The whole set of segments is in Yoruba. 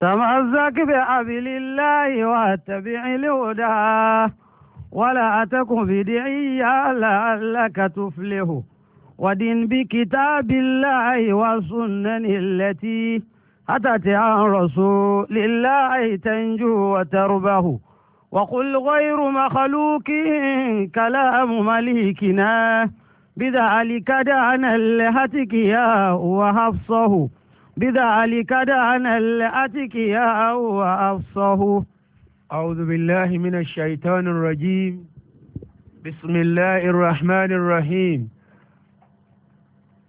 تمزك بحبل الله واتبع لهداه ولا تكن بدعيا لعلك تفله ودن بكتاب الله والسنن التي أتت عن رسول الله تنجو وتربه وقل غير مخلوق كلام مليكنا بذلك دعنا لهتك يا وحفصه بذلك دان الأتكياء وأفصه أعوذ بالله من الشيطان الرجيم بسم الله الرحمن الرحيم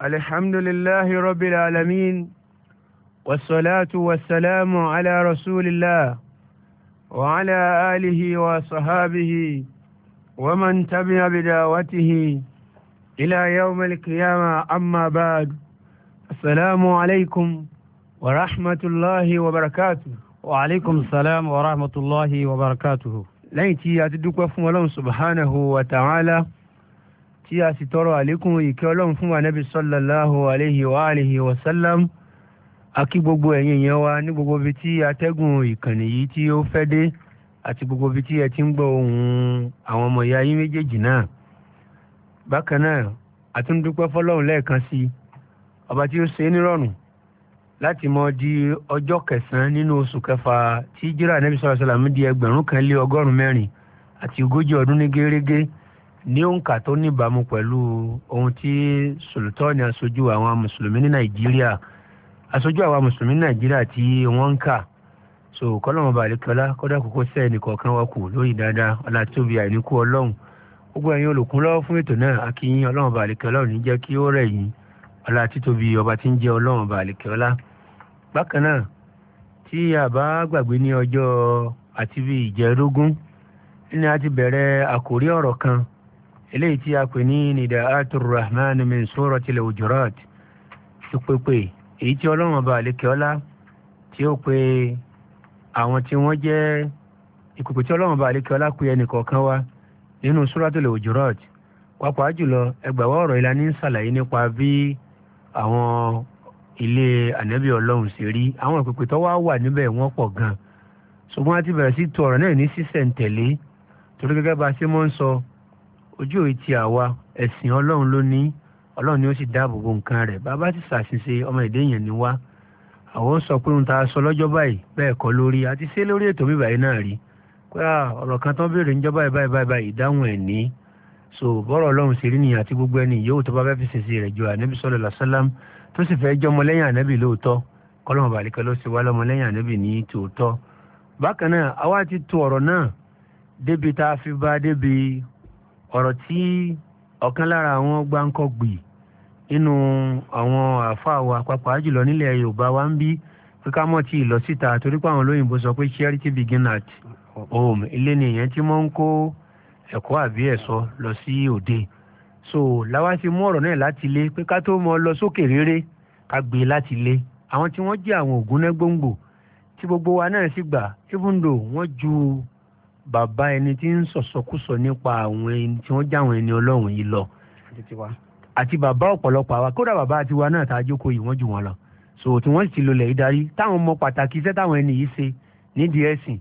الحمد لله رب العالمين والصلاة والسلام على رسول الله وعلى آله وصحابه ومن تبع بدعوته إلى يوم القيامة أما بعد Assalamu alaikum wa rahmatullahi wa barakatuh. Wa alaikum salam wa rahmatullahi wa barakatuh. Lẹ́yìn tí a ti dúpẹ́ fún Ọlọ́run subhanahu wa ta'ala tí a sì tọrọ àlékún ìkẹ́ Ọlọ́run fún Ànábì sallallahu alaihi wa alihi wa sallam. A kí gbogbo ẹ̀yin èèyàn wa ní gbogbo ibi tí atẹ́gùn ìkànnì yìí tí ó fẹ́ dé àti gbogbo ibi tí ẹ ti ń gbọ́ ohùn àwọn ọmọ ìyá yín méjèèjì náà. Bákan náà, a tún dúpẹ́ fọ́lọ́run lẹ́ẹ̀kan sí i ọba tí ó ṣe é nírọ̀rùn láti mọ di ọjọ́ kẹsàn-án nínú oṣù kẹfà tí jíra nẹ́bí sọ̀rọ̀ sọ̀làmù di ẹgbẹ̀rún kan lé ọgọ́rùn-ún mẹ́rin àti ogójì ọdún ní gérégé ní òǹkà tó níbàámu pẹ̀lú ohun tí sòlùtọ́ọ̀nì aṣojú àwọn mùsùlùmí ní nàìjíríà aṣojú àwọn mùsùlùmí ní nàìjíríà tí wọ́n ń kà so kọ́lọ́mọ balẹ̀kọ́lá kọ́dà kókó sẹ́ẹ̀nì kọ̀ọ̀kan wa kù lórí dáadáa ọ̀là tóbi àìníkù ọlọ́run gbogbo ẹ̀yin olùkúnlọ́wọ́ fún ètò náà akínyìn ọlá títóbi ọba tí ń jẹ́ ọlọ́run ọba àlèkèọ́lá bákan náà tí a bá gbàgbé ní ọjọ́ àti bíi ìjẹ́rógún ní a ti bẹ̀rẹ̀ àkórí ọ̀rọ̀ kan eléyìí tí a pè ní nidaatul rahman min suratil hujurat ìpèpè èyí tí ọlọ́run ọba àlèkèọ́lá tí ó pe àwọn tí wọ́n jẹ́ ìpèpè tí ọlọ́run ọba àlèkèọ́lá pe ẹnìkọ̀ọ̀kan wa nínú suratil hujurat pàápàá jùlọ ẹgbàá ọ̀rọ̀ ìlànà ń ṣàlàyé nípa bíi àwọn ilé ànábì ọlọ́run ṣe rí àwọn ìpèpè tó wá wà níbẹ̀ wọ́n pọ̀ gan ṣùgbọ́n a ti bẹ̀rẹ̀ sí tu ọ̀rọ̀ náà ní sísẹ̀ǹtẹ̀lé torí gẹ́gẹ́ bá a ṣe mọ́ ń sọ ojú òye ti àwa ẹ̀sìn ọlọ́run ló ní ọlọ́run ni ó sì dáàbò bo nǹkan rẹ̀ bàbá ti ṣàṣìṣe ọmọ èdè yẹn ni wá àwọn sọ pé ohun tá a sọ lọ́jọ́ báyìí bẹ́ẹ̀ kọ́ lórí àti ṣé lórí ètò mi báyìí náà rí pé ọ̀rọ̀ kan tán béèrè níjọ́ báyìí báyìí báyìí ìdáhùn ẹ̀ ní so bọ́rọ̀ ọlọ́run ṣe rí nìyẹn àti gbogbo ẹni yòówù tó bá fẹ́ fi ṣèṣe rẹ̀ jọ ànábì sọ́lọ́ làṣálàm tó sì fẹ́ jọmọ lẹ́yìn ànábì lóòótọ́ kọ́lọ́mọ bàlíkẹ́ ló ṣe wá lọ́mọ lẹ́yìn ànábì ní tòótọ́ bákan náà àwa ti tu ọ̀rọ̀ náà débi tá a fi bá débi ọ̀rọ̀ tí ọ̀kan lára àwọn gbáǹkọ́gbì nínú àwọn àfáà wa pàápàá jùlọ nílẹ̀ yorùbá wa ń bí pé ká mọ̀ tí lọ síta torí pé àwọn olóyìnbó sọ pé charity begin at home ilé nìyẹn tí wọ́n ń kó ẹ̀kọ́ àbí ẹ̀sọ́ lọ sí òde so làwa ṣe mú ọ̀rọ̀ náà láti ilé pé ká tó mọ lọ sókè réré ká gbé láti ilé àwọn tí wọ́n jẹ́ àwọn ògúnná gbòǹgbò tí gbogbo wa náà sì gbà even though wọ́n ju bàbá ẹni tí ń sọ̀sọkúsọ nípa àwọn ẹni tí wọ́n jáwọn ẹni ọlọ́run yìí lọ àti bàbá ọ̀pọ̀lọpọ̀ àwa kódà bàbá tiwa náà tá jókòó yìí wọ́n jù wọ́n lọ so tí wọ́n sì ti lọlẹ̀ ìdarí táwọn mọ pàtàkì iṣẹ́ táwọn ẹni yìí ṣe nídìí ẹ̀sìn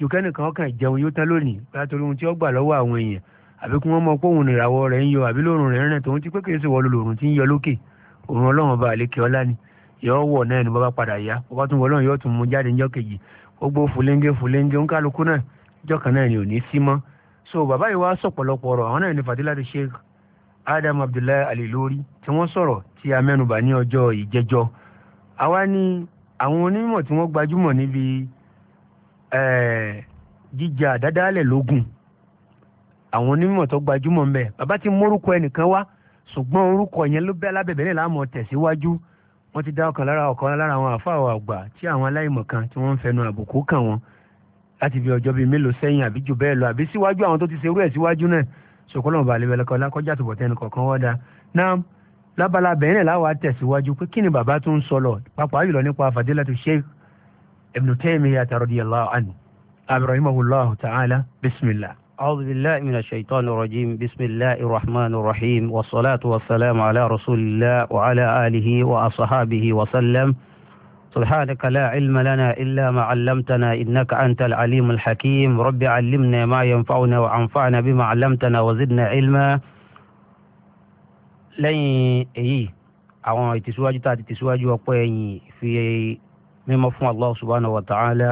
ju kẹ́nìkan ọkàn jẹun yóò tán lónìí bá torí ohun tí ó gbà lọ́wọ́ àwọn èèyàn àbí kí wọ́n mọ pé òun nìràwọ̀ rẹ̀ ń yọ àbí lóòrùn rẹ̀ ń rìn tòun ti pé kì í ṣe lòòrùn tí ń yọ lókè òun ọlọ́run ọba àlékè ọlá ni yọ̀ọ́ wọ̀ náà ni bàbá padà yá bàbá tún wọlọ́run yóò tún mú jáde níjọ́ kejì gbogbo fúlẹ́ńgẹ́ fúlẹ́ńgẹ́ ń kálukú náà ìjọ náà ni ò ní sí mọ́ so bàbá yìí wá sọ̀pọ̀lọpọ̀ ọ̀rọ̀ àwọn náà ni sheikh adam abdullahi alilori tí wọ́n sọ̀rọ̀ tí a mẹ́nubà ní ọjọ́ ìjẹ́jọ́ àwa ni àwọn onímọ̀ tí wọ́n gbajúmọ̀ níbi Eh, jíjà àdádálẹ̀ lógún àwọn onímọ̀ tó gbajúmọ̀ ń bẹ bàbá ti mórúkọ ẹnìkan wá ṣùgbọ́n orúkọ yẹn ló bẹ́ alábẹ̀bẹ̀ náà láàmú tẹ̀síwájú wọ́n ti dá ọkàn lára ọ̀kan lára àwọn àfáà àgbà tí àwọn aláìmọ̀ kan tí wọ́n ń fẹnu àbùkù kàn wọ́n láti fi ọjọ́ bíi mélòó sẹ́yìn àbí jù bẹ́ẹ̀ lọ àbí síwájú àwọn tó ti ṣerú ẹ̀ síwájú náà ṣòkòlò ọba àlebẹ̀lẹ̀kọ lákọjá tó bọ̀tẹ́ni kọ̀ọ̀kan wọ́n dá náà lábala bẹ̀rẹ̀ láwa tẹ̀síwájú pé kí ni bàbá tó ń sọ lọ pàápàá jùlọ nípa fadilatu sheikh ابن تيمية رضي الله عنه رحمه الله تعالى بسم الله أعوذ بالله من الشيطان الرجيم بسم الله الرحمن الرحيم والصلاة والسلام على رسول الله وعلى آله وأصحابه وسلم سبحانك لا علم لنا إلا ما علمتنا إنك أنت العليم الحكيم رب علمنا ما ينفعنا وأنفعنا بما علمتنا وزدنا علما لن إيه أو تسواجي تاتي تسواجي وقويني في mímọ̀ fún allah subhanahu wa ta'ala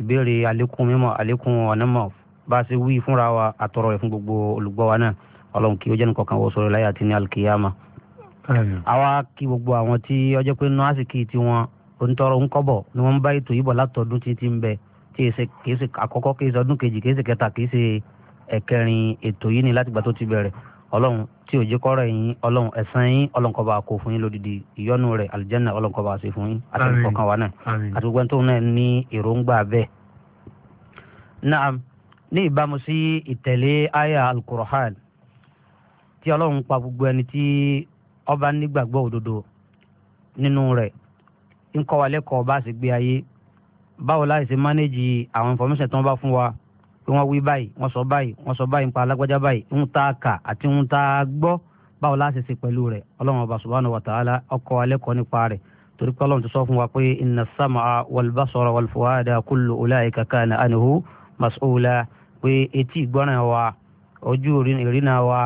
ìbéèrè àlékún mímọ̀ àlékún ọ̀nàmọ̀ bá a ṣe wí fúnra wa àtọ̀rọ̀ rẹ̀ fún gbogbo olùgbọ́ wa náà ọlọ́run kí ó jẹ́ nǹkan kan wọ sọ̀rọ̀ láyà tí ní alkiyama. àwa kí gbogbo àwọn tí ọjọ́ pé nínú àsìkí tí wọn onítọ̀rọ̀ ń kọ́bọ̀ ni wọ́n ń bá ètò yìí bọ̀ tí ti ń bẹ kì í ṣe àkọ́kọ́ kì ọdún kejì kì kẹta kì ẹ̀kẹrin ètò yìí ni látìgbà tó ti bẹ̀rẹ̀ ọlọ́run tí ò jẹ́ kọ́rọ̀ yín ọlọ́run ẹ̀san yín ọlọ́run kọ́ba kó fún yín lódìdí ìyọ́nú rẹ̀ àlìjẹ́nà ọlọ́run kọ́ba ṣe fún yín àtẹ̀lẹ́ kọ̀ọ̀kan wa náà àti gbogbo tó náà ní èròǹgbà bẹ́ẹ̀. náà ní ìbámu sí ìtẹ̀lé àyà alukurahan tí ọlọ́run pa gbogbo ẹni tí ọba nígbàgbọ́ òdodo nínú rẹ̀ ń wa lẹ́kọ̀ọ́ bá ṣe gbé ayé báwo láì ṣe mánéjì àwọn information tó bá fún wa pé wọ́n wí báyìí wọ́n sọ báyìí wọ́n sọ báyìí nípa alágbájá báyìí ń tá a kà àti ń tá a gbọ́ báwo láti ṣe pẹ̀lú rẹ̀ ọlọ́run ọba subhanahu wa ta'ala ọkọ̀ alẹ́kọ̀ọ́ nípa rẹ̀ torí pé ọlọ́run ti sọ fún wa pé inna as-sam'a wal-basara wal-fu'ada kullu ulaika kana anhu mas'ula pé etí ìgbọ́ràn wa ojú ìrìnà wa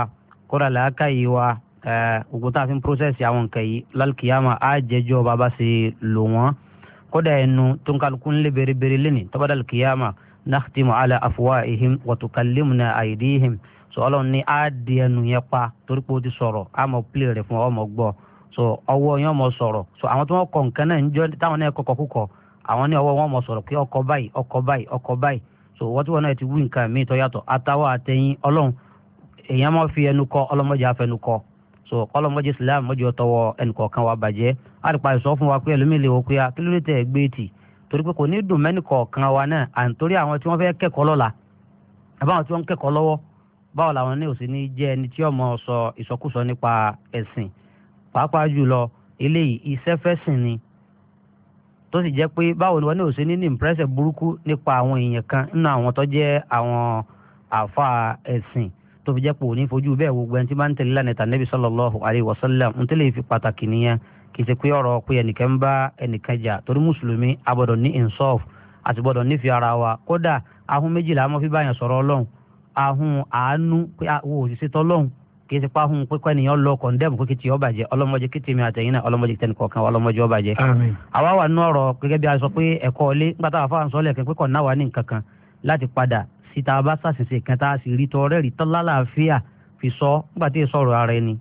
kódà làákàyè wa ògùn tá a fi ń pọ́sẹ̀sì àwọn nǹkan yìí lálùkìyàmà á jẹjọ́ bàbá ṣe lò wọ́n kódà ẹnu tó ń kálukú ń lé bèrèbèrè lẹ́nìí tọ́ba dàlùkìyàmà nakhtimu ala afwaihim wa tukallimuna aydihim so ọlọ́run ní á di ẹnu yẹn pa torí pé ó ti sọrọ a fún ọmọ gbọ so ọwọ́ yẹn mọ̀ sọ̀rọ̀ so àwọn tí wọ́n kọ nǹkan náà ń jọ kọkọ kúkọ àwọn ní wọn pé ọkọ báyìí ọkọ báyìí ọkọ báyìí so wọ́n tí wọ́n náà ti wí nǹkan tó èèyàn máa fi ẹnu kọ kọ so islam wa fún wa pé torí pé kò ní dùn mẹ́nì kọ̀ọ̀kan wa náà à ń torí àwọn tí wọ́n fẹ́ kẹ́kọ̀ọ́ lọ́la àbáwọn tí wọ́n ń kẹ́kọ̀ọ́ lọ́wọ́ báwo làwọn ní òsì ní jẹ́ ẹni tí ọmọ sọ ìsọkúsọ nípa ẹ̀sìn pàápàá jùlọ eléyìí iṣẹ́ fẹ́sìn ni tó sì jẹ́ pé báwo ni wọ́n ní òsì ní ní ìmpírẹ́sẹ̀ burúkú nípa àwọn èèyàn kan nínú àwọn tó jẹ́ àwọn àfa ẹ̀sìn tó fi jẹ́ pé òní fojú bẹ́ẹ̀ gbogbo ẹni tí máa ń tẹ̀lé lánàá tànẹ́bí sallallahu alaihi wasallam ń tẹ́lẹ̀ fi pàtàkì nìyẹn kì í ṣe pé ọ̀rọ̀ pé ẹnìkan bá ẹnìkan jà torí mùsùlùmí a ní insof a sì gbọ́dọ̀ nífi ara wa kódà ahun méjìlá mọ́ fi báyàn sọ̀rọ̀ ọlọ́run ahun àánú pé àwọn òṣìṣẹ́ tọ́lọ́run kì í ṣe pé ahun pípẹ́ nìyẹn lọ kọ̀ndẹ́mù pé kí ti ọba jẹ ọlọ́mọdé kí tèmi àtẹ̀yìn náà ọlọ́mọdé tẹnì kọ̀ọ̀kan ọlọ́mọdé ọba jẹ. àwa wà nú ọ̀rọ̀ gẹ́gẹ́ bí a sọ pé ẹ̀kọ́ ọlé nígbà táwa fáwọn sọ́ọ́lẹ̀ kan pé kọ̀ náà wà ní nǹkan kan láti padà síta bá sàṣìṣe kan tá a sì rí tọ́lá làáfíà fi sọ nígbà tí èso ọ̀rọ̀ ara ẹni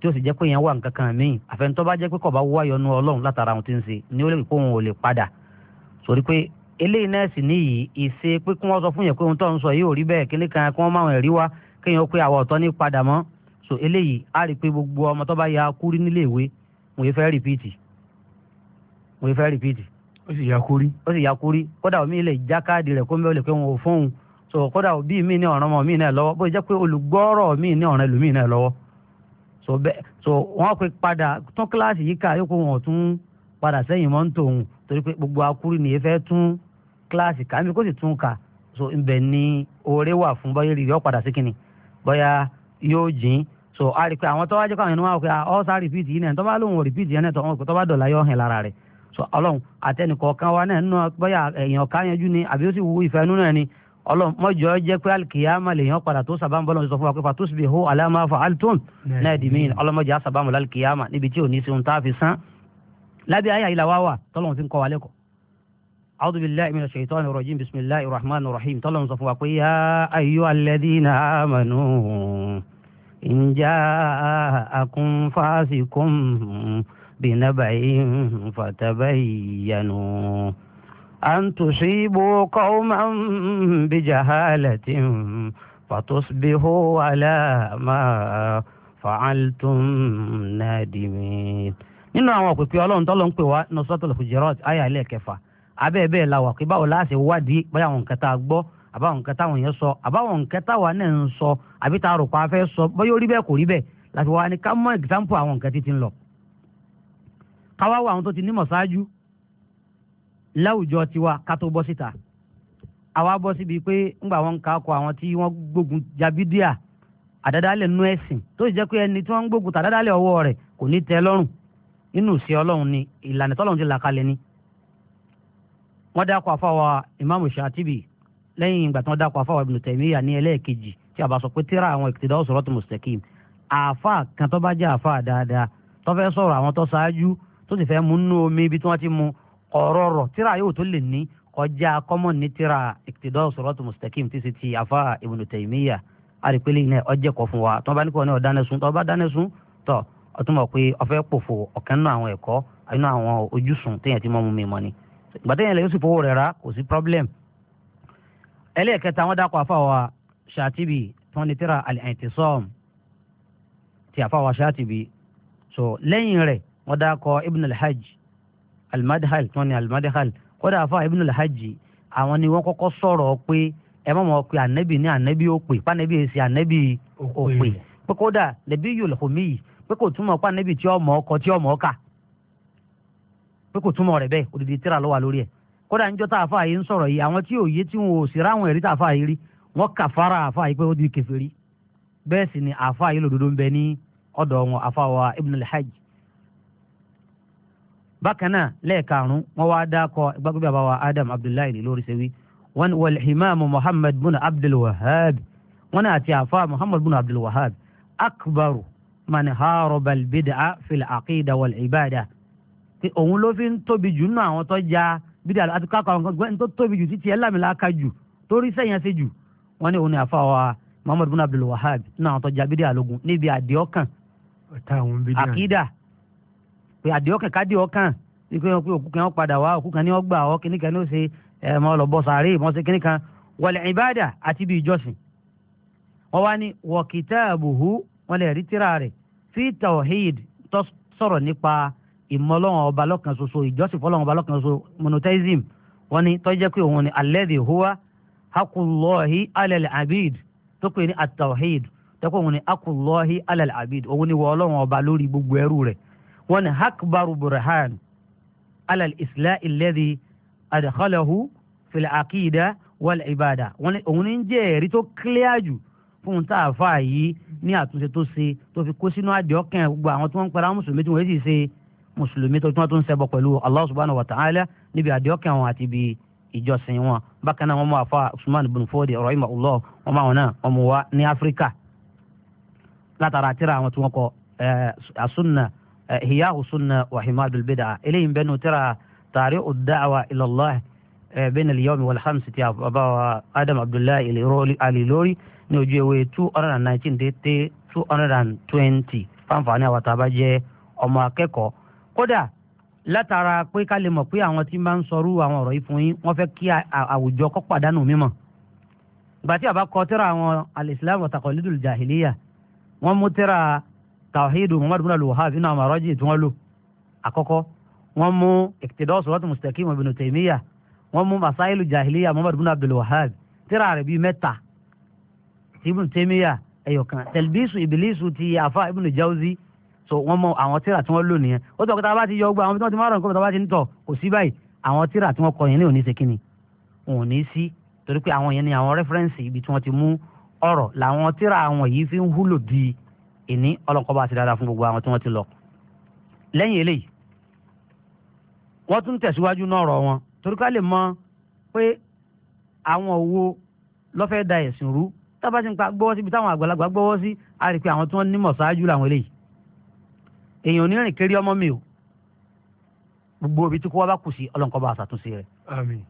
tí ó sì jẹ́ pé yẹn wà nǹkan kan míì àfẹnutọ́ bá jẹ́ pé kò bá wáyọ̀ nu ọlọ́run látara ohun tí ń ṣe ni ó lè kó òun ò lè padà sórí pé eléyìí náà sì níyì ìṣe pé kí wọ́n sọ fún yẹn pé ohun tó ń sọ yìí ò rí bẹ́ẹ̀ kíní kan kí wọ́n máa rí wá kéèyàn pé àwọn ọ̀tọ́ ní padà mọ́ so eléyìí á rí i pé gbogbo ọmọ tó bá ya kúrí nílé ìwé mo yẹ fẹ́ rìpíìtì mo yẹ fẹ́ rìpíìtì. ó sì ya kúrí. ó sì ya kúrí kódà omi lè já káàdì rẹ̀ kó ń bẹ́ẹ̀ lè pé wọn ò fóun so kódà òbí mi ní ọ̀ràn mọ́ mi náà lọ́wọ́ bó ṣe jẹ́ pé olùgbọ́rọ̀ mi ní ọ̀ràn ẹlòmíì náà lọ́wọ́ sọ bẹ sọ wọn pe padà tún kíláàsì yìí ká yókù wọn tún padà sẹ́yìn mọ́ ń tòun torí pé gbogbo akuru ni èyí tún kíláàsì ká mi kó sì tún so ibẹ̀ ni oore wà fún bọyá rí padà sí bọyá yóò jìn so a rí pé àwọn tó wá jẹ́ káwọn ẹni wọn sá yìí tó bá lóun yẹn tó so ọlọ́run wa náà nínú èèyàn ni àbí ó sì wú ìfẹ́ ọlọmọjọ jẹ pé alikiyama lèyàn padà tó sábà ń bọ́ lọ́wọ́ sọ fún wa pé fatusbihu ala ma fa'altum nadimin ọlọmọjọ sábà mọ̀ alikiyama níbi tí ò ní sehun tá a fi san lábẹ́ ayé àyílá wa wà tọ́lọ́hún ti ń kọ́ wa lẹ́kọ̀ọ́. أعوذ بالله من الشيطان الرجيم بسم الله الرحمن الرحيم تلهم صفوا يا أيها الذين آمنوا إن جاءكم فاسق بنبع فتبينوا أن تصيبوا قوما بجهالة فتصبحوا على ما فعلتم نادمين nínú àwọn òpèpè ọlọ́run tọ́lọ́ ń pè wá nọ́sọ́tòlù fìjìrọ́t ayé àlẹ́ kẹfà abẹ́ bẹ́ẹ̀ la wà pé báwo láàṣẹ wádìí báyà àwọn nǹkan gbọ́ àbáwọn nǹkan táwọn yẹn sọ àbáwọn nǹkan táwa náà ń sọ àbí tá a rò pa afẹ́ sọ bóyá ó rí bẹ́ẹ̀ kò rí bẹ́ẹ̀ láti wá ní ká mọ example àwọn nǹkan títí ń lọ. káwá wo àwọn tó ti nímọ̀ ṣáájú láwùjọ tiwa ká tó bọ́ síta àwa bọ́ síbi pé ńgbà wọn kà á kọ àwọn tí wọ́n gbógun jabidia àdádálẹ̀ nú ẹ̀sìn tó sì jẹ́ pé ẹni tí wọ́n gbógun tàdádálẹ̀ ọwọ́ rẹ̀ kò ní tẹ́ lọ́rùn nínú ìṣe ọlọ́run ni ìlànà tọ́lọ́run ti là kalẹ̀ ni. wọ́n dákọ̀ àfáwà ìmáàmù Ṣàtíbì lẹ́yìn ìgbà tí wọ́n dákọ̀ àfáwà Ibn Taymiyyah ní ẹlẹ́ẹ̀kejì tí a bá sọ pé tíra àwọn Iqtida'u Siratul Mustaqim àfa kan tó bá jẹ́ àfa dáadáa tó fẹ́ sọ̀rọ̀ àwọn tó ṣáájú tó sì fẹ́ mú nú omi ibi tí wọ́n ti mu kọ̀ọ̀rọ̀rọ̀ tíra yóò tó lè ní kọjá kọ́mọ̀n ní tíra iqtida siratu mustaqim ti sì ti àfa ibnu taymiya àrípẹ́lẹ́ iná ọjẹ́ kọ́ fún wa tó bá ní kọ́ ní ọ̀dáná sun tó bá dáná sun tó ọtún mọ̀ pé ọfẹ́ pòfò ọ̀kan nínú àwọn ẹ̀kọ́ nínú àwọn ojúsùn téèyàn ti mọ́ mu mi mọ́ ni gbàtẹ́yìn lè yóò sì fowó rẹ̀ rà kò sí problem ẹlẹ́ẹ̀kẹta wọn dákọ̀ àfa wa ṣàtìbì tí wọ́n ní tíra al-i'tisam ti àfa wa ṣàtìbì so lẹ́yìn rẹ̀ wọ́n dákọ̀ ibn al almadhal tí wọ́n ní almadhal kódà afa ibn alhajj àwọn ni wọ́n kọ́kọ́ sọ̀rọ̀ pé ẹ má mọ̀ pé ànẹ́bì ní ànẹ́bì ó pè pànẹ́bì èsì ànẹ́bì ó pè pé kódà lẹ́bí yóò lọ́kọ̀ míì pé kò túmọ̀ pànẹ́bì tí ọmọ ọkọ tí ọmọ ọkà pé kò túmọ̀ rẹ̀ bẹ́ẹ̀ òdìdí tíra ló wà lórí ẹ̀ kódà níjọ́ tá a fà yìí ń sọ̀rọ̀ yìí àwọn tí òye tí wọn ò sì ráwọn ẹ̀rí tá a fà yìí rí wọ́n kà fara àfà yìí pé ó di kèfèrí bẹ́ẹ̀ sì ni àfà yìí lòdodo ń bẹ ní ọ̀dọ̀ wọn àfà wa ibn al bákan náà lẹ́ẹ̀karùn-ún wọ́n wá dákọ̀ gbàgbé bàbá wa adam abdullahi ní lórí sẹ́wí wọn wal imaamu muhammad bin abdul wahab wọn àti àfa muhammad bin abdul wahab akbaru man haroba albid'a fil aqida wal ibada pé òun ló fi ń tóbi jù nínú àwọn tó ja bídà àti kákọ̀ àwọn kan tó tóbi jù títí ẹ̀ lámìlá jù torí sẹ́yìn ṣe jù wọn ni òun ni àfa wa muhammad bin abdul wahab nínú àwọn tó ja bídà lógun níbi àdìọ́kàn àkídà pé àdéhọ́kẹ̀ kádéhọ́kàn ikú yẹn pé òkú kan ó padà wá òkú kan ní ọgbà ọ kíní kan ní ó ṣe ẹ mọ lọ bọ sàárè mọ ṣe kíní kan wal ìbádà àti ibi ìjọsìn wọn wá ní wa kitabuhu wọn lè rí tíra rẹ̀ fi tawhid tó sọ̀rọ̀ nípa ìmọ̀lọ́wọ̀n ọba lọ́kan ṣoṣo ìjọsìn fọlọ́wọ̀n ọba lọ́kan ṣoṣo monotheism wọn ni tó pé òun ni alladhi huwa haqullahi alal abid tó pè ní at-tawhid òun ni haqullahi alal abid òun ni wọ́n ọlọ́wọ̀n ọba lórí gbogbo ẹrú rẹ̀ wọ́n ní akbaru burhan alal isla ilẹ̀dì adakalahu fil akida wal ibada wọ́n ní òun ní jẹ́ ẹ̀rí tó clear jù fún tá a fà yìí ní àtúnṣe tó ṣe tó fi kó sínú àdéhùn gbogbo àwọn tí wọ́n ń pẹ́ra mùsùlùmí tí wọ́n sì ṣe mùsùlùmí tó tún tún ṣẹbọ pẹ̀lú allah subhanahu wa ta'ala níbi àdéhùn wọn àti ibi ìjọsìn wọn bákan náà wọ́n mú àfa usman bin fodi rahimahullah wọ́n máa wọn náà wọ́n mú wa ní áfíríkà látara àtìrà àwọn tí wọ́n kọ àsúnà eh, hiyahu sunna wa himadul bid'a eléyìí ń bẹnu tírà tari'u da'wa ila Allah bayna al-yawmi wal khamsi ti àbáwá adam abdullahi alilori ní ojú ewé two hundred and nineteen dété two hundred and twenty fanfani àwọn tá a bá jẹ́ ọmọ akẹ́kọ̀ọ́ kódà látara pé ká lè mọ̀ pé àwọn tí máa ń sọrú àwọn ọ̀rọ̀ yìí yín wọ́n fẹ́ kí àwùjọ kọ́ pàdánù mímọ̀ gbàtí àbá kọ tírà àwọn al-islam wa jahiliya wọ́n mú tírà tawhidu muhammadu bin al-wahhab nínú àwọn àrọ́jì tí wọ́n lò àkọ́kọ́ wọ́n mú iqtida mustaqim ibn taymiya wọ́n mú masailu jahiliya muhammadu bin abdul wahhab tíra rẹ̀ bíi mẹ́ta ibn taymiya ẹ̀yọ̀kan tẹlbisu ibilisu ti afa ibn jawzi so wọ́n mú àwọn tíra tí wọ́n lò nìyẹn ó tọ́ kọ́ta bá ti yọ gbọ́ àwọn tí wọ́n ti ti ń kò sí báyìí àwọn tíra tí wọ́n kọ yẹn ní òní ṣe kíni òní sí torí pé àwọn yẹn ni àwọn rẹ́fẹ́rẹ́nsì ibi tí wọ́n ti mú ọ̀rọ̀ làwọn tíra àwọn yìí fi ń húlò bíi ìní ọlọ́nkọ́ba àti dáadáa fún gbogbo àwọn tí wọ́n ti lọ. lẹ́yìn eléyìí wọ́n tún tẹ̀síwájú náà rọ̀ wọn torí ká lè mọ pé àwọn owó lọ́fẹ́ da ẹ̀sìn rú tábà ti ń pa gbọ́wọ́ síbi táwọn àgbàlagbà gbọ́wọ́ sí a rí i pé àwọn tí wọ́n nímọ̀ ṣáájú làwọn eléyìí èèyàn onírìn kiri ọmọ mi o gbogbo ibi tí kò wá bá kù sí ọlọ́nkọ́ba àṣàtúnṣe rẹ̀. àmín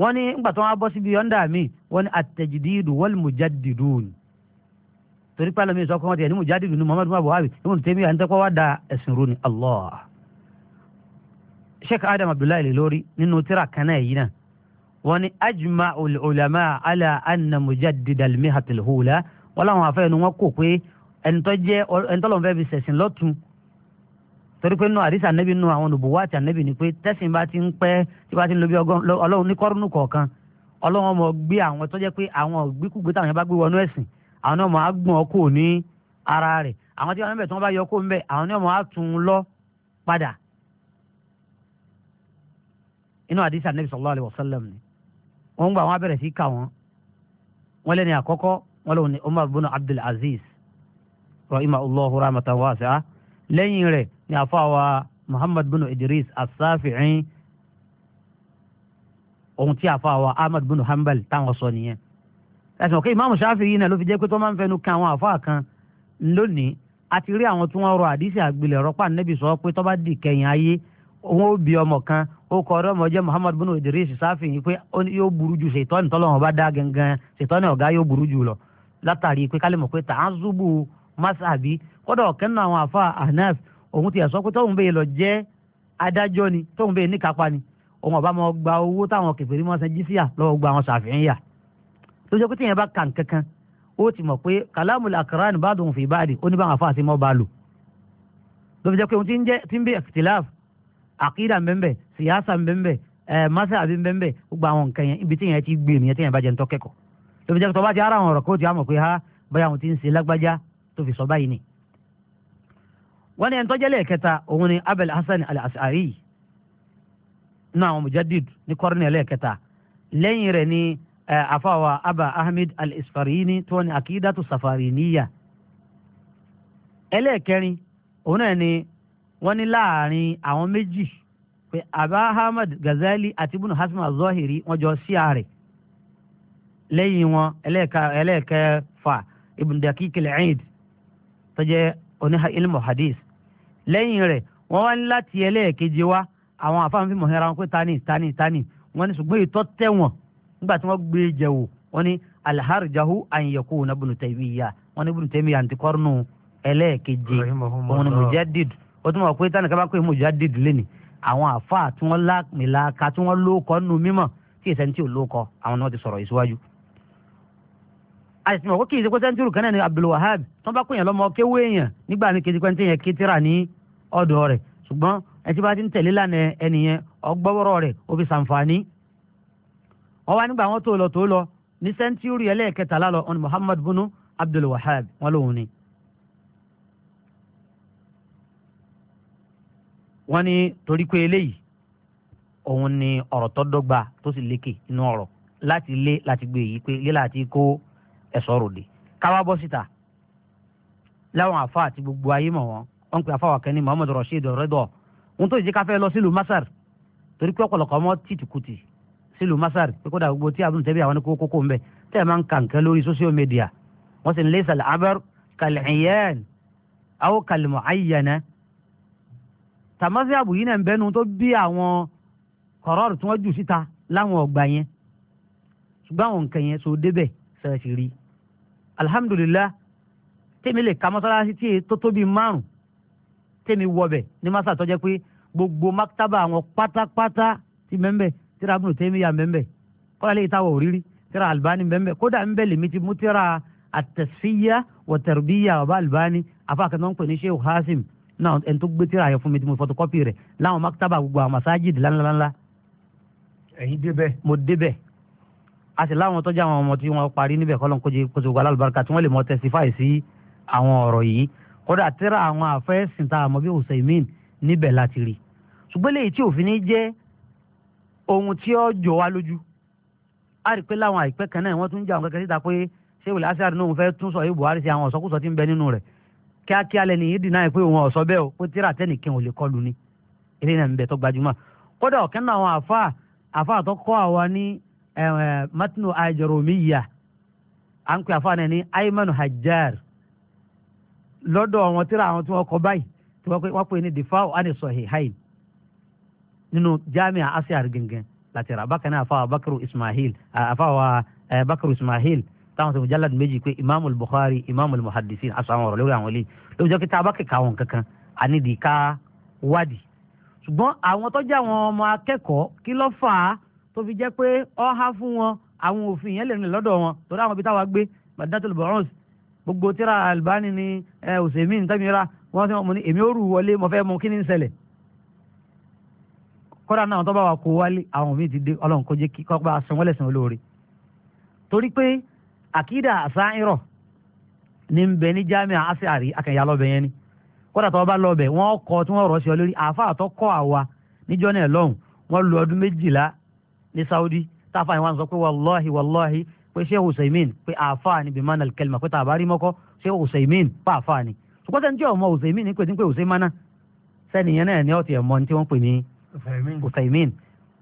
wọ́n ní ngbà tó wọ́n bọ́ síbi ọ̀ndà mi wọ́n ní wal mujaddidun torí pálọ̀ mi sọ pé wọ́n ti ẹ̀ ní mujadid ní muhammadu buhari ibn tèmi à ń tẹ́kọ́ wá da ẹ̀sìn ro ni allah sheikh adam abdullahi lè lórí nínú tíra kaná yìí náà wọ́n ní ajma ulama ala anna mujaddid almihat alhula wọ́n làwọn afẹ́ ni wọ́n kò pé ẹnitọ́ jẹ́ ẹnitọ́lọ́n fẹ́ fi sẹ̀sìn lọ́tún torí pé nínú àdìsí ànábì nínú àwọn òbúwá àti ànábì ni pé tẹ́sìn bá ti ń pẹ́ tí bá ti ń lo bí ọlọ́run ní kọ́rùnù kọ̀ọ̀kan ọlọ́run ọmọ gbé àwọn tó pé àwọn ògbíkúgbé táwọn yẹn bá gbé wọnú ẹ̀sìn àwọn náà máa gbọ̀n kò ní ara rẹ̀ àwọn tí wọn bẹ̀ tí wọ́n bá yọ kó ń bẹ̀ àwọn náà máa tún un lọ padà inú àdìsí ànábì sallallahu alaihi wasallam ni wọ́n ń gbà wọ́n abẹ́rẹ́ sí kà wọ́n wọ́n lẹ́ni àkọ́kọ́ wọ́n lọ́wọ́ ni Umar bin Abdul Aziz rahimahullahu rahmatan wasi'a lẹ́yìn rẹ̀ ni àfọwà Muhammad bin Idris as ohun tí àfọwà Ahmad bin Hanbal táwọn sọ nìyẹn ẹ̀sùn kí ìmáàmù ṣáfì yìí náà ló fi jẹ́ pé tó máa ń fẹnu kan àwọn àfáà kan lónìí a ti rí àwọn tí wọ́n rọ àdísì àgbélẹ̀ rọ́pà nẹ́bí sọ pé tó bá kẹyìn ayé wọn ó bí ọmọ kan ó kọ ọ̀rẹ́ ọmọ jẹ́ Muhammad bin Idris ṣáfì yìí pé yóò burú ju ṣètọ́ni tọ́lọ́wọ́n bá dá gangan ṣètọ́ni ọ̀gá yóò burú jù lọ látàrí pé kálí mọ̀ pé tà á zúbù masabi kọ́dọ̀ kẹ́nu àwọn àfa Ahnaf òun ti ẹ̀ sọ pé tóun bẹ́ẹ̀ lọ jẹ́ adájọ́ ni tóun bẹ́ẹ̀ níkápá ni òun tó jẹ́ pé téèyàn bá kà kankan ó ti mọ̀ pé kalamul akran ba'duhum fi ba'd ó ní báwọn afa àti mọ́ bá lò ló fi jẹ́ pé ohun tí ń jẹ́ tí ń bí ikhtilaf àkídà mbẹ́mbẹ́ siyasa mbẹ́mbẹ́ ẹ̀ masabi mbẹ́mbẹ́ gbogbo àwọn nǹkan yẹn ibi téèyàn ti gbé nìyẹn téèyàn bá jẹ́ ń tọ́kẹ́kọ̀ọ́ ló fi jẹ́ tó bá ti ara àwọn ọ̀rọ̀ kó ti á pé ha báyà àwọn ti ń ṣe lágbájá tó fi sọ báyìí ni wọ́n ní ẹni tó jẹ́ òun ni abel hasan al-asari náà àwọn mujaddid ní kọ́rin ẹlẹ́ẹ̀kẹta lẹ́yìn rẹ̀ ni afawa aba ahmed al-isfarini tí wọ́n ní akidatu safariniya ẹlẹ́ẹ̀kẹrin òun náà ni wọ́n ní láàrin àwọn méjì pé aba ahmed gazali àti ibùnú hasan az-zahiri wọ́n jọ sí ààrẹ lẹ́yìn wọn ẹlẹ́ẹ̀kẹfà ibn daqiq eid tó jẹ́ oníhà ilmu hadith lẹ́yìn rẹ̀ wọ́n wá ní láti ẹlẹ́ẹ̀keje wá àwọn àfáàmì fíìmù hẹ́ra wọn pé tani tani tani wọ́n ní ṣùgbọ́n ìtọ́ tẹ̀wọ̀n nígbà tí wọ́n gbé jẹ wò wọ́n ní alharjahu anyako na bunu taymiya wọ́n ní bunu taymiya àti kọ́rùnù òun ni mujadid ó tún mọ̀ pé tánìkà bá pé mujadid lẹ́nìí àwọn àfáà tí wọ́n lámìlaka tí wọ́n lóko nù mímọ̀ tí ìsẹ́ni tí ò lóko àwọn ni wọ́n ti sọ̀rọ̀ ìsíwájú àìsàn ọkọ kìí ṣe pẹ́sẹ́ntìrù kan náà ni abdulwahab tó ń bá kóyàn lọ́mọ kéwé èèyàn nígbà mi kìí ṣe pẹ́sẹ́ntì yẹn kétìrà ní ọ̀dọ̀ rẹ̀ ṣùgbọ́n ẹtí bá ti ń tẹ̀lé lánàá ẹnìyẹn ọgbọ́wọ́rọ̀ rẹ̀ ó fi ṣàǹfààní wọ́n wá nígbà wọn tó lọ tó lọ ní sẹ́ńtúrì ẹlẹ́ẹ̀kẹtàlá lọ ọ̀nà Muhammad bunu Abdul Wahab wọn lòun ni. wọ́n ní torí pé eléyìí òun ni ọ̀rọ̀ tó dọ́gba tó sì lékè inú ọ̀rọ̀ láti lé láti gbé èyí pé lé láti kó ẹ̀sọ́ ròde káwá bọ́ síta láwọn àfa àti gbogbo ayé mọ̀ wọ́n wọ́n pe àfáwà kẹ́ni Muhammad Rasheed Rẹ́dọ̀ ohun tó yẹ ká fẹ́ lọ sílùú Masar torí pé ọ̀pọ̀lọpọ̀ ọmọ tìtìkùtì sílùú masar pé kódà gbogbo tí abdul tẹ́bí àwọn ní kókó ń bẹ tẹ́ ẹ̀ máa ń kà nǹkan social media wọ́n sì ń lé sàlẹ̀ abẹ́r kàlẹ́yẹ́n aw kàlẹ́mọ̀ ayẹnẹ. tàmásí àbù yìí náà ń bẹnu tó bí àwọn kọ̀rọ̀rù tí wọ́n jù síta láwọn ọgbà yẹn ṣùgbọ́n àwọn nǹkan yẹn so débẹ̀ sẹ́ẹ̀ sì rí alhamdulilah tèmi lè ka mọ́sálásí tí tó tóbi márùn tèmi wọbẹ̀ ní masa tó pé gbogbo maktaba àwọn pátápátá ti mẹ́mbẹ́ tíra Ibn ya mbembe kọ́lá lè táwọ̀ òrírí tíra Albani mbembe kódà mbẹ́ limiti ti mú tíra at-tasfiyya wa tarbiyya Albani afáàkàn náà ń pè ní Sheikh Hasim náà ẹni tó gbé tíra yẹn fún mi tí mo fọtọkọ́pì rẹ̀ láwọn maktaba gbogbo àwọn masajid lánlánlá. ẹ̀yin débẹ̀. mo débẹ̀ a sì láwọn tọ́jú àwọn ọmọ tí wọ́n parí níbẹ̀ kọ́lọ́n kójú kóso wà lálùbáríkà tí wọ́n lè mọ testify si àwọn ọ̀rọ̀ yìí kódà tíra àwọn àfẹ́sìn tá a mọ Usaimin ni láti rí ṣùgbọ́n léyìí tí òfin ní jẹ́ ohun tí ó jọ wá lójú a rí pé láwọn àìpẹ́ kan náà wọ́n tún ń jà wọn kẹ́kẹ́ síta pé ṣé wòlé asiari náà òun fẹ́ tún sọ yìí Buhari sí àwọn ọ̀sọ́kùsọ tí ń bẹ nínú rẹ̀ kíákíá lẹ́ni yìí dì náà pé òun ọ̀sọ́ bẹ́ẹ̀ o pé tíra tẹ́nìkan ò lè kọlu ni eléyìí náà ń bẹ tó gbajúmọ̀ kódà ọ̀kẹ́ náà àwọn àfa àfa àtọ́ kọ́ àwa ní matinu ajoromiya à ń pè àfa náà ní Ayman Hajar lọ́dọ̀ àwọn tíra àwọn tí wọ́n kọ báyìí tí wọ́n pè ní difaw anisọ̀hìn hayin nínú jami'a asiar gẹ́gẹ́ láti rà bákan náà àfàwà bakaru ismail àfàwà bakaru ismail táwọn sọ mujallad méjì pé imaamu bukhari imaamu muhaddisin aṣọ àwọn ọ̀rọ̀ lórí àwọn ilé lójú ọkẹ́ tá a bá kẹ́kẹ́ àwọn kankan ànídìí ká wádìí ṣùgbọ́n àwọn tọ́jú àwọn ọmọ akẹ́kọ̀ọ́ kí ló fà á tó fi jẹ́ pé ó há fún wọn àwọn òfin yẹn lè rìn lọ́dọ̀ wọn torí àwọn ibi táwa gbé madinatul burons gbogbo tíra albani ni ọ̀sẹ̀mí ní tẹ́mìíra wọ́n sọ mo ní èmi ó rù wọlé mo fẹ́ mọ kí ni ń ṣẹlẹ̀ kódà náà tó bá wà kó wálé àwọn míì ti dé ọlọ́run kó jẹ́ kí kọ́ bá san wọ́lẹ̀ san olóore torí pé àkídà àsáírọ̀ ní ń bẹ ní jámíà àṣàrí akẹyà lọ́bẹ yẹn ni kódà tó bá lọ́bẹ wọ́n kọ́ tí wọ́n rọ̀ sí ọ lórí àáfàá tó kọ́ àwa níjọ́ náà lọ́hùn wọ́n lu ọdún méjìlá ní Saudi táfà yẹn wọ́n sọ pé wàláhi wàláhi pé Sheikh Usaimin pé àáfàá ni bimana kelma pé tàbárí mọ́kọ́ Sheikh Usaimin pé àáfàá ni ṣùgbọ́n sẹ́ni tí ọmọ Usaimin pé ní pé Usaimin náà sẹ́ni náà ni ọ̀tí ẹ̀mọ́ ní tí wọ́n pè ní Uthaymin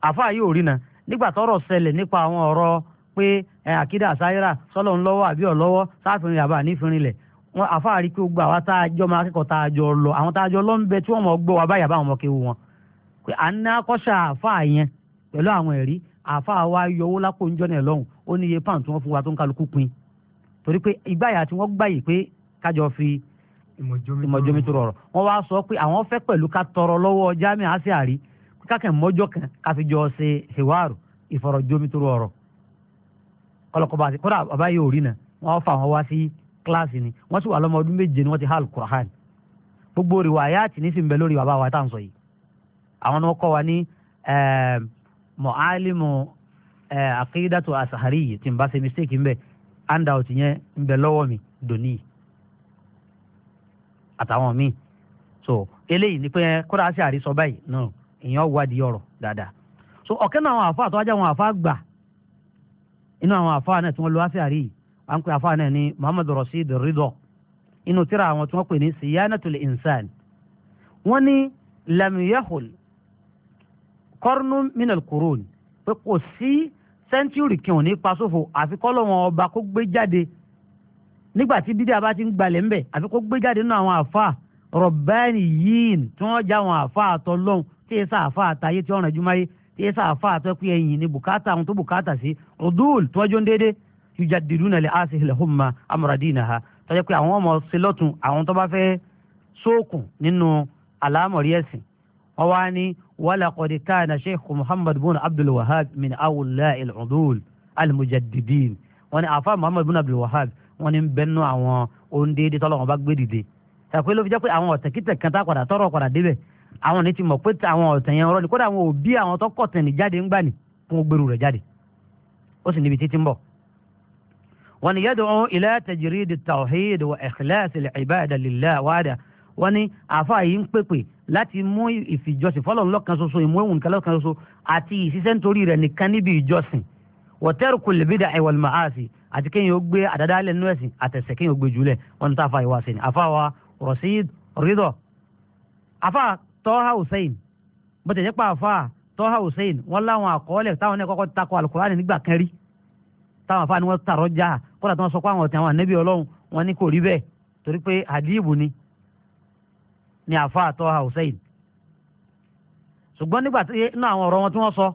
àfáà yóò rí na nígbà tọ́rọ̀ ṣẹlẹ̀ nípa àwọn ọ̀rọ̀ pé àkídà àsáyérà sọlọ ń lọ́wọ́ àbí ọlọ́wọ́ sáfìrin àbá nífìrin lẹ wọn àfáà rí pé gbogbo àwa tá a jọ máa kẹ́kọ̀ọ́ tá a lọ àwọn tá a jọ lọ ń bẹ tí wọn mọ gbọ́ wa báyà báwọn ọmọkéwu wọn pé à ń ná kọ́ṣà àfáà yẹn pẹ̀lú àwọn ẹ̀rí àfáà wa yọwó lápò ń jọ́nà ẹ̀ lọ́hùn ó ní iye pound tí wọ́n fún wa tó ń kálukú pin torí pé ìgbáyà tí wọ́n gbàyè pé kájọ fi ìmọ̀jọ́mi tó rọrọ̀ wọ́n wá sọ pé àwọn fẹ́ pẹ̀lú ká tọrọ lọ́wọ́ jamiu asiari kákan mọ́jọ́ kan káfi jọ ṣe ṣèwárò ìfọ̀rọ̀jomitoro ọ̀rọ̀ kọlọ́kọ́ bá ti kódà bàbá yìí ò rí náà wọ́n fà wọ́n wá sí kíláàsì ni wọ́n sì wà lọ́mọ ọdún méje ni wọ́n ti hàl kùrán gbogbo rìwà ayé àti ní sì ń bẹ lórí bàbá wa tá à ń sọ àwọn náà kọ́ wa ní mọ̀álímù àkídàtò àsàárì yìí tí n bá ṣe mistake ń bẹ handout yẹn ń bẹ lọ́wọ́ mi dòní àtàwọn míì so eléyìí ni pé kódà sí àrísọ báyìí náà èèyàn wádìí ọ̀rọ̀ dáadáa so ọ̀kẹ́ náà àwọn àfa àtọ́jà àwọn àfa gbà inú àwọn àfa náà tí wọ́n lo àṣàrí yìí à ń pè àfa náà ní muhammadu rasheed ridọ inú tíra àwọn tí wọ́n pè ní siyanatul insan wọ́n ní lamiyahul kọ́rnún minal kurun pé kò sí sẹ́ńtúrì kìhùn ní pasófo àfi kọ́lọ́wọ́n ọba kó gbé jáde nígbà tí bídíà bá ti ń gbalẹ̀ ńbẹ̀ àfi kó gbé jáde nínú àwọn àfa rọ̀bẹ́ni yìí tí wọ́n já àwọn àfa àtọ́lọ́hún tí ẹ sáàfà àtàyè tí ọ̀ràn ìjùmáyé tí ẹ sáàfà àtọ́kù ẹ̀yìn ní bùkátà àwọn tó bùkátà sí ọdún tọ́jú déédéé yujaddiduna li asihi lahumma amradinaha tọ́jú pé àwọn ọmọ sílọ́tún àwọn tó bá fẹ́ sóòkùn nínú àlámọ̀rí ẹ̀sìn wọ́n wá ní walaqad kana sheikh muhammad bin abdul wahab min awla al-udul al-mujaddidin wọ́n ní afa muhammad bin abdul wahab wọ́n ní bẹ́nu àwọn ohun tọ́lọ́wọ́n bá gbé dìde ṣàpè ló fi jẹ́ pé àwọn ọ̀tẹ̀kítẹ̀ kan padà tọ́rọ̀ padà débẹ̀ àwọn ní ti mọ̀ pé àwọn ọ̀tẹ̀ yẹn ọ̀rọ̀ ni kódà àwọn òbí àwọn tó kọ̀tẹ̀ ní jáde ń gbà ní fún gbèrú rẹ̀ jáde ó sì níbi títí ń bọ̀. wọ́n ní yẹ́dùn ún ila tajrid at-tawhid wa ikhlas al-ibada lillah wahda wọ́n ní àáfàá yìí ń pèpè láti mú ìfìjọsìn fọlọ́run lọ́kan ṣoṣo ìmú ìwùn kan lọ́kan ṣoṣo àti ìṣiṣẹ́ nítorí rẹ̀ nìkan níbi ìjọsìn wa tarkul bid'a wal ma'asi àti kéèyàn ó gbé àdádálẹ̀ nínú ẹ̀sìn àtẹ̀sẹ̀ kéèyàn ó gbé jùlẹ̀ wọ́n ní tá àfa ìwà sẹ́ni àfa wa Rasid Ridha àfa tọ́ha hussein bó tẹ̀jẹ́ pa àfa tọ́ha hussein wọ́n láwọn àkọọ́lẹ̀ táwọn náà kọ́kọ́ takọ alukurani nígbà kan rí táwọn àfa ni wọ́n tààrọ́ já kódà tí wọ́n sọ pé àwọn ọ̀tẹ̀ àwọn ànẹ́bí ọlọ́run wọn ni kò rí bẹ́ẹ̀ torí pé àdìbò ni ni àfa tọ́ha hussein ṣùgbọ́n nígbà tí inú àwọn ọ̀rọ̀ wọn tí wọ́n sọ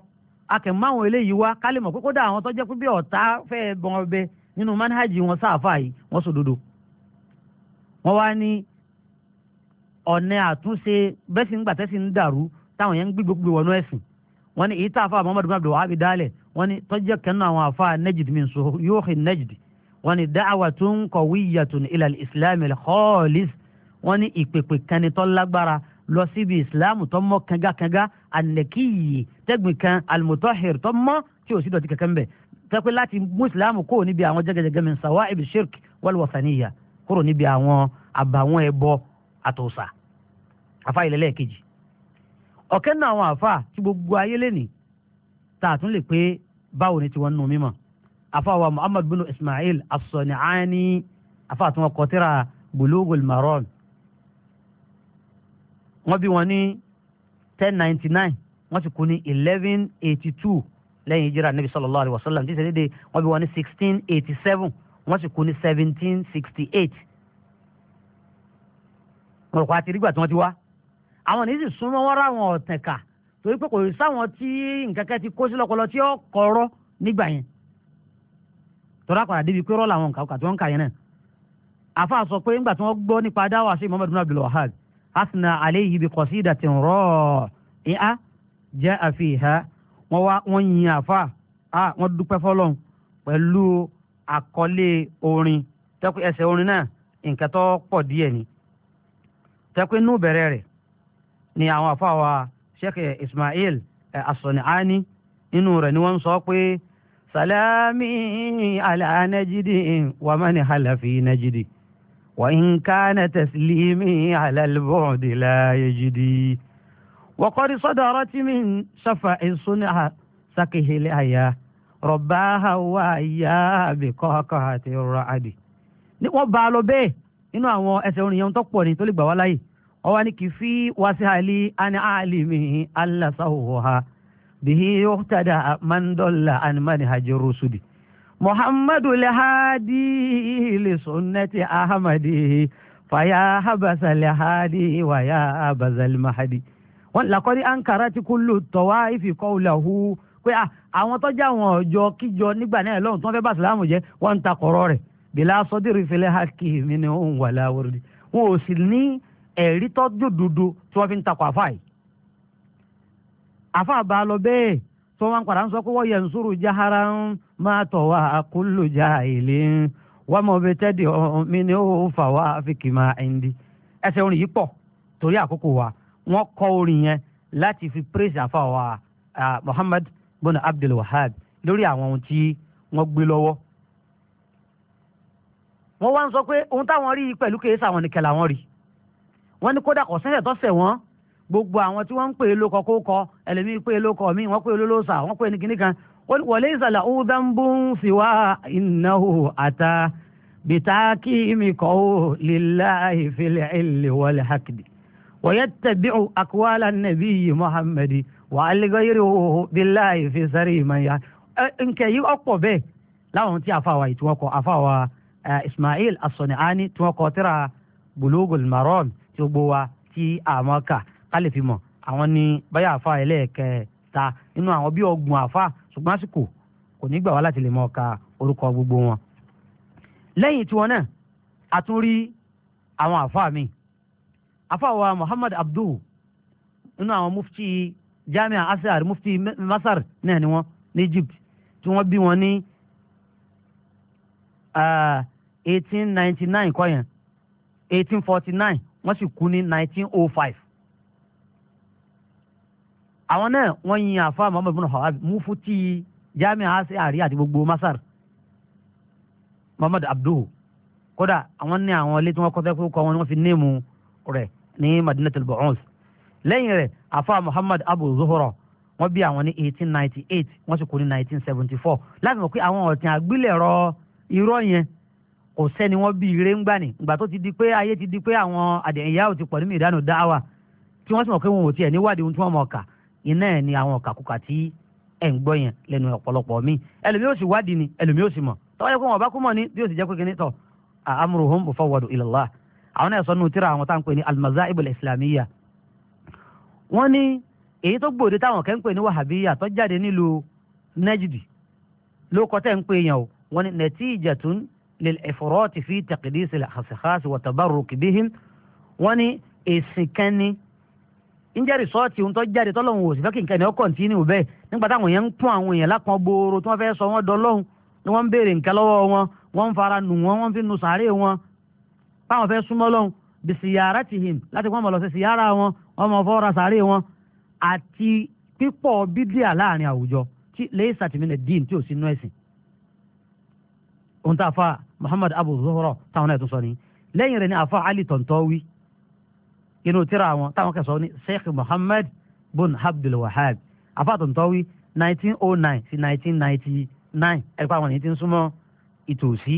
akẹ̀mọ́wọn eléyìí wá kálí mọ̀ pé kódà àwọn tó jẹ́ pé ọ̀tá fẹ́ẹ́ bọ́n ọbẹ̀ nínú manhaji wọn yìí wọ́n wọ́n wá ọ̀nà àtúnṣe bẹ́ẹ̀ sì ń gbà tẹ́sí ń dàrú táwọn yẹn ń gbígbógbé wọnú ẹ̀sìn wọn ni èyí tá àfa muhammadu bin abdul wahabi dálẹ̀ wọn ni tọ́jú kẹ́nu àwọn àfa najid min so yóò hin najid wọn ni da'watun qawiyyatun ila islam khalis wọn ni ìpèpè kanni tó lágbára lọ síbi islam tó mọ́ kangakanga anẹkìyì tẹ́gbìn kan alimutahir tó mọ́ tí o sì dọ̀tí kankan bẹ̀ tẹ́pẹ́ láti mú islam kó o níbi àwọn jẹ́gẹ́jẹ́gẹ́ min sawa ibi shirk wal kúrò níbi àwọn àbàwọn ẹ̀bọ àtòsà àfa ìlẹ́lẹ̀ kejì ọ̀kẹ́ náà àwọn àfa tí gbogbo ayé lẹ́nìí tá a tún lè pé báwo ni tiwọn nù mímọ́ àfa wa muhammad bin ismail as-San'ani àfa tí wọn kọ tírà Bulughul Maram wọ́n bí wọn ní ten ninety nine wọ́n sì kú ní eleven eighty two lẹ́yìn ìjírà nabi sallallahu alayhi wa sallam tí sẹ́dédé wọ́n bí wọn ní sixteen eighty seven wọ́n sì kú ní seventeen sixty eight kọ̀ọ̀kọ̀ àti rígbà tí wọ́n ti wá àwọn nìyí sì súnmọ́ wọn ráwọn ọ̀tẹ̀ kà torí pé kò sí sáwọn tí nǹkan kan ti kó sí lọ́pọlọ tí ó kọ̀ọ̀rọ̀ nígbà yẹn tọ́lá padà débi pé rọ́ọ̀lù àwọn nǹkan kà tí wọ́n ń kà yẹn náà àfa sọ pé nígbà tí wọ́n gbọ́ nípa dáwà sí Muhammad ibn Abdul Wahhab asna alayhi bi qasidatin ra'i'a ja'a fiha wọ́n wá wọ́n yin àfa wọ́n dúpẹ́ fọlọ́n pẹ̀lú àkọlé orin tẹ́kù ẹsẹ̀ orin náà nǹkan tó pọ̀ díẹ̀ ni tẹ́pẹ́ nú bẹ̀rẹ̀ rẹ̀ ni àwọn afáwa sheikh ismail eh, asọ̀nìáni inú rẹ̀ ni wọ́n sọ pé salami ala najidi wa mani halafi najidi wa in kana taslimi ala al-bu'di la yajidi wa qad sadarat min shafa'i sunha sakihi al-aya rabbaha wa iyya bi qahqahati ar ni wọ́n bá lọ bẹ́ẹ̀ nínú àwọn ẹsẹ̀ orin yẹn tó pọ̀ ni tó lè gbà wá láyè ọwọ́ ni kì í fi wá sí àìlí àní àìlí mi aláṣàwò ha bìhí yóò tàdá mandọ́là ànímánì hajjọ́ rọ́ṣùdì muhammadu lehadi ilé sunnati ahamadi fàyà habasa lehadi wàyà abazal mahadi wọn làkọ́rí ankara ti kú lò tọ́wá ìfi kọ́wùlàhù pé ah, àwọn tọ́jà àwọn ọ̀jọ́ kíjọ nígbà náà lọ́run tí wọ́n fẹ́ bá sàlámù jẹ́ wọ́n ń ta kọ̀rọ̀ rẹ̀ bìlà sọdírì fẹlẹ hákì mi ni òun wà láwùrì wọn ò sì ní ẹ̀rí tọ́jú dodo tí wọ́n fi ń takò àfa yìí àfa bá lọ bẹ́ẹ̀ tí wọ́n padà ń sọ pé wọ́n yẹ nsúrù jahara máa tọ̀ wá kullu jahilin wọ́n mọ̀ bẹ́ẹ̀ tẹ́dí mi ni ó fà wá fi máa ń di ẹsẹ̀ orin yìí pọ̀ torí àkókò wa wọ́n kọ orin yẹn láti fi praise àfa wa Muhammad bin Abdul Wahhab lórí àwọn ohun tí wọ́n gbé lọ́wọ́ wọ́n wá ń sọ pé ohun táwọn rí pẹ̀lú kèésà àwọn nìkẹ́ làwọn rí wọ́n ní kódà kò sẹ́sẹ̀ tọ́sẹ̀ wọ́n gbogbo àwọn tí wọ́n ń pè é lóko kó kọ ẹlẹ́mìí pé lóko mi wọ́n pè é lólóòsà wọ́n pè é nìkíní kan wọlé ìsàlà ọ̀dàǹbù ń ìnáwó àta bìtákì mi kọ́ ó lillahi fil illi wal hakdi ismail asọ̀nìáni tí wọ́n kọ tírà bulugul maram tí ó gbowó wa tí àwọn kà kálífì mọ̀ àwọn ní báyà àfa ẹlẹ́ẹ̀kẹta nínú àwọn bí ọgbọ̀n àfa ṣùgbọ́n àsìkò kò ní gbà wá láti lè mọ̀ ka orúkọ gbogbo wọn. lẹ́yìn tiwọn náà a tún rí àwọn àfa mi àfa wa muhammad abdul nínú àwọn mufti jami'a asar mufti masar náà ni wọn ní egypt tí wọ́n bí wọn ní. 1899 ninety nine yẹn eighteen wọ́n sì kú ní nineteen oh àwọn náà wọ́n yin àfa muhammed bin hawaii mufuti jami ase ari àti gbogbo masar muhammed abduhu kódà àwọn ní àwọn ilé tí wọ́n kọ́ sẹ́kọ̀ọ́ kọ́ ni wọ́n fi néèmù rẹ̀ ní madinatul bu'uns lẹ́yìn rẹ̀ àfa muhammed abu wọ́n bí àwọn ní wọ́n sì kú ní láti mọ̀ kò sẹ́ni wọ́n bí ire ń gbà ní ìgbà tó ti di pé ayé ti di pé àwọn àdéhìyá ò ti pọ̀ nínú ìdánù dáwà tí wọ́n sì mọ̀ pé wọn ò tiẹ̀ níwádìí ohun tí wọ́n mọ̀ ọ̀kà iná ẹ̀ ni àwọn ọ̀kàkùkà tí ẹ̀ ń gbọ́ yẹn lẹ́nu ọ̀pọ̀lọpọ̀ mi ẹlòmí ò sì wádìí ni ẹlòmí ò sì mọ̀ tọ́wọ́ yẹ kó wọn ọba kú mọ̀ ni bí ó sì jẹ́ pé kíní tọ̀ amruhum mufawwadu ila Allah àwọn náà sọ nù tíra al-mazahib al-islamiyya wọ́n ní èyí tó gbòde táwọn kẹ́ ń pè ní wàhábíyà tó jáde nílùú nẹ́jìdì ló kọ́ tẹ́ ń للإفراط في تقديس الأشخاص والتبرك بهم wọ́n ní èsìn kan ni ń jẹ́ rìsọ́ọ̀tì ohun tó jáde tọ́lọ́hún òsì fẹ́kì nǹkan ni ó kọ̀ǹtínú bẹ́ẹ̀ nígbà táwọn èèyàn ń pọ́n àwọn èèyàn lápọn gbòòrò tí wọ́n fẹ́ sọ wọ́n dọlọ́hún ni wọ́n ń béèrè nǹkan lọ́wọ́ wọn wọ́n ń fara nù wọ́n wọ́n ń fi nu sàárè wọn báwọn fẹ́ súnmọ́ lọ́hún bí siyara ti hìn láti wọ́n mọ̀ lọ sí siyara wọn wọ́n mọ̀ fọ́ra sàárè wọn àti pípọ̀ bídíà láàrin àwùjọ tí lẹ́yìn sàtìmínà dín tí ò sí nú ẹ̀sìn òun tá a fa muhammad abu zuhra táwọn náà tún sọ ni lẹ́yìn rẹ̀ ni àfa ali tọ̀ntọ́wí inú tíra wọn táwọn kẹsàn-án ni sheikh muhammad bun abdul wahab àfa tọ̀ntọ́wí nineteen oh nine sí nineteen ninety nine ẹ̀ka àwọn ènìyàn ti ń súnmọ́ ìtòsí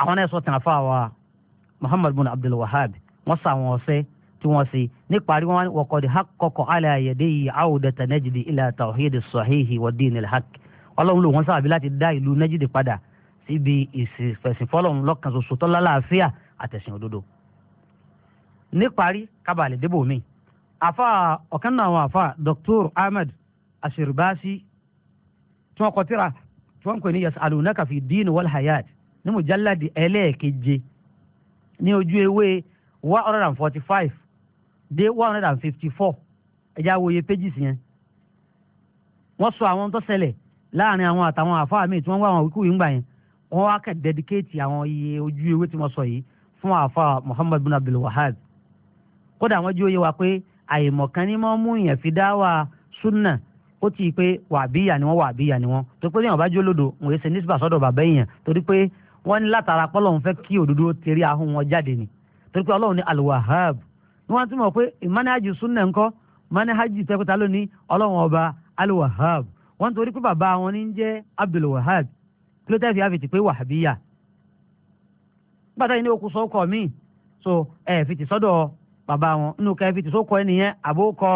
àwọn náà sọ tàn àfa wa muhammad bun abdul wahab wọ́n sà wọn ọ̀sẹ́ tí wọ́n ṣe níparí wọn wọ́n kọ́ di hakọ̀kọ̀ ala yadihi awdata najdi ila tawhid sahihi wa din al ọlọ́run ló wọ́n sábàbí láti dá ìlú nẹ́jìdì padà síbi ìsìnfẹ̀sìn fọlọ́run lọ́kàn ṣoṣo tọ́lá láàfíà àtẹ̀sìn òdodo. níparí kábàlì débò mi àfa ọ̀kan náà àwọn àfa Dr. Ahmed Ashirbasi tí wọ́n kọ tírà tí wọ́n ń pè ní yasalunaka fi din wal hayat ní mujalladi ẹlẹ́ẹ̀keje ní ojú ewé one hundred and forty five dé one hundred and fifty four ẹ̀já wòye pages yẹn wọ́n sọ àwọn tó ṣẹlẹ̀ láàrin àwọn àtàwọn àfáà míì tí wọ́n wá àwọn wíkúwì ńgbà yẹn wọ́n wá kẹ́ dẹ́díkéètì àwọn iye ojú ewé tí mo sọ yìí fún àfáà Muhammad bin Abdul Wahhab kódà wọ́n jí ó yé wa pé àìmọ̀kan ni mo mú yẹn fi dá wa súnà ó ti pé wàbíyà ni wọ́n wàbíyà ni wọ́n tó pé yẹn bá jó lódò wọ́n yẹ ṣe nísìbà sọ́dọ̀ bàbá yẹn torí pé wọ́n ní látara pọ́lọ́hún fẹ́ kí òdodo tẹ̀rí ahọ́n wọn jáde ni torí pé ọlọ́run ní alwahab ni wọ́n ti mọ̀ pé ìmánájì súnà ńkọ́ mánájì tẹ́kọ̀tà lónìí ọlọ́run ọba Wahab. wọ́n torí pé bàbá wọn ní jẹ́ Abdul Wahab kí pé wàhábíyà gbàtà ní okùn sọ́kọ̀ so ẹ̀ fìtì sọ́dọ̀ bàbá wọn nínú ká fìtì sọ́kọ̀ ẹnìyẹn àbókọ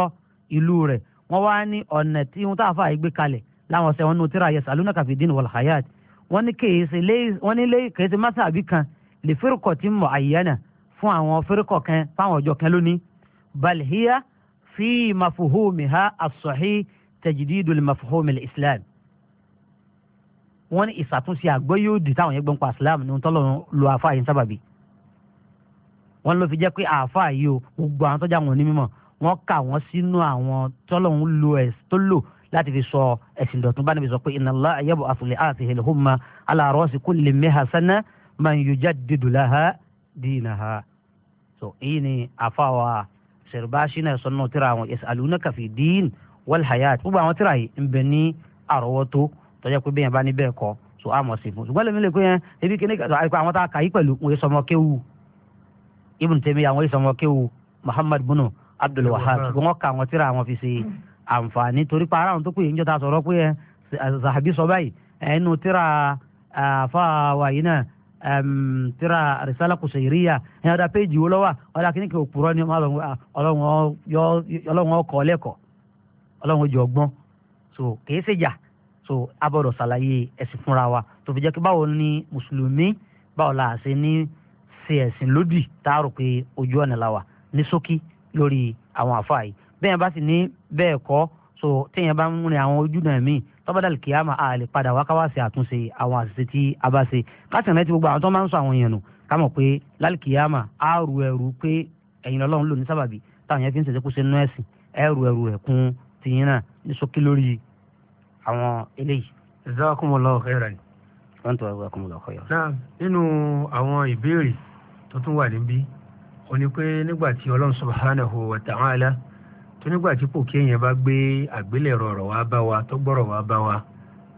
ìlú rẹ̀ wọ́n wá ní ọ̀nà tí wọ́n táà fà gbé kalẹ̀ láwọn ọ̀sẹ̀ wọn wọ́n ní wọ́n تجديد al-mafhum al-islam wọ́n ní ìsàtúnṣe àgbọ́yé òdì táwọn yẹn gbọ́n pa islam ní tọ́lọ́ lo àáfàá yìí sábàbí wọ́n ló fi jẹ́ pé àáfàá yìí o gbogbo àwọn tọ́jà wọn ní mímọ̀ wọ́n kà wọ́n sínú àwọn tọ́lọ́ ń lo ẹ̀ tó lò láti fi sọ ẹ̀sìn dọ̀tún bá níbi sọ pé inna Allah yab'athu li'atihi al-humma ala ra'si kulli mi'ati sana man yujaddidu laha dinaha. so èyí ni àáfàá wa Shirbashina sọ́nà tíra àwọn yas'alunaka fi din wal hayat gbogbo àwọn tíra yìí ń bẹ ní àrọ́wọ́tó tọ́jà pé bẹ́ẹ̀ bá ní bẹ́ẹ̀ kọ́ so a mọ̀ sí fún ṣùgbọ́n lèmi lè kó yẹn ebi kíní àìkú àwọn tá a kà yí pẹ̀lú wọn sọmọ kéwu Ibn Taymiyyah àwọn sọmọ kéwu Muhammad bunu Abdul Wahhab ṣùgbọ́n wọn kà àwọn tíra àwọn fi ṣe àǹfààní torí pa ara àwọn tó kù yìí ń jọta sọ̀rọ̀ pé Zahabi sọ báyìí ẹnu tíra fáwa yìí náà tira risala kusairiya ẹn ọdà péjì wo lọ wa ọdà kìnnìkan òpùrọ́ ni ọlọ́run ọkọ lẹkọọ ọlọ́run ojú ọgbọ́n so kìí ṣèjà so abọ́dọ̀ ṣàlàyé ẹ̀sìn fúnra wa tó fi jẹ́ pé báwo ni mùsùlùmí báwo la ṣe ní ṣe ẹ̀sìn lódì tá a rò pé ojú ọ̀nà la wà ní ṣókí lórí àwọn àfáà yìí bẹ́ẹ̀ bá sì ní bẹ́ẹ̀ kọ́ so téèyàn bá ń rin àwọn ojú náà míì tọ́ba dàlù kìyàmà a lè padà wá káwá ṣe àtúnṣe àwọn àṣìṣe tí a bá ṣe káṣí rántí gbogbo àwọn tó máa ń sọ àwọn èèyàn nù ká mọ̀ pé lálùkìyàmà á rù ẹrù pé ẹ̀yin Ọlọ́run lò ní sábàbí táwọn yẹn fi ń ṣèṣe kó ṣe nú ẹ̀sìn ẹ̀ rù ẹrù rẹ̀ kún tìyín náà ní sókè lórí àwọn eléyìí. jazakumullahu khairan. wọ́n tún wá jazakumullahu khairan. náà nínú àwọn ìbéèrè tó tún wà níbí ó ní pé nígbà tí ọlọ́run subhanahu wa ta'ala tó nígbà tí kò kéèyàn bá gbé àgbélẹ̀rọ ọ̀rọ̀ wá bá wa tó gbọ́rọ̀ wá bá wa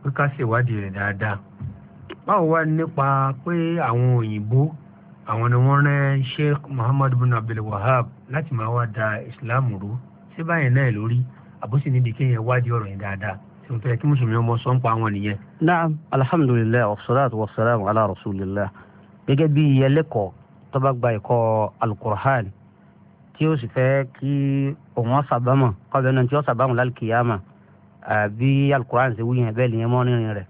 pé ká ṣèwádìí rẹ̀ dáadáa báwo wá nípa pé àwọn òyìnbó àwọn ni wọ́n rán sheikh muhammad bin abdul wahab láti máa wá da islam rú sí báyìí náà lórí àbúṣe níbi kéèyàn wádìí ọ̀rọ̀ yẹn dáadáa tuntun yẹ kí mùsùlùmí ọmọ sọ ń pa àwọn nìyẹn. naam alhamdulilayi wa salatu wa salamu ala rasulillah gẹ́gẹ́ bí ẹlẹ́kọ̀ọ́ tó bá gba ẹ̀kọ́ alukur'an tí ó sì fẹ́ kí òun ṣàbámọ̀ kọ́bẹ̀ náà tí ó ṣàbámọ̀ lálùkìyàmà àbí alukur'an ṣe wúyẹn bẹ́ẹ̀ nìyẹn mọ́ rẹ̀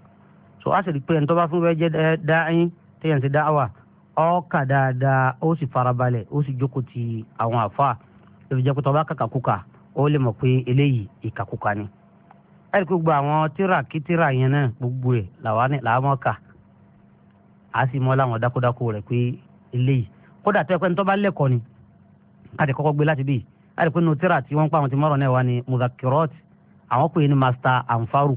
so a sì rí pé ẹni tó bá fún bẹ́ẹ̀ jẹ́ dáhìn téèyàn ti dáhàwà ó kà dáadáa ó sì farabalẹ̀ ó sì jókòó ti àwọn àfa ìfìjẹ́kùtọ̀ bá kàkàkùkà ó lè mọ̀ pé eléyìí ìkàkùkà ni ẹ̀rí gbogbo àwọn tíra kí tíra yẹn náà gbogbo ẹ̀ làwọn mọ̀ kà á sì mọ̀ láwọn dákúdákú rẹ̀ pé eléyìí kódà tó yẹ pé nítorí bá lẹ́kọ̀ọ́ ni ká ti kọ́kọ́ gbé láti bíi ẹ̀rí pé nínú tíra tí wọ́n ń pa àwọn ti mọ̀rọ̀ náà wá ni muzakirot àwọn pè é ní master anfaru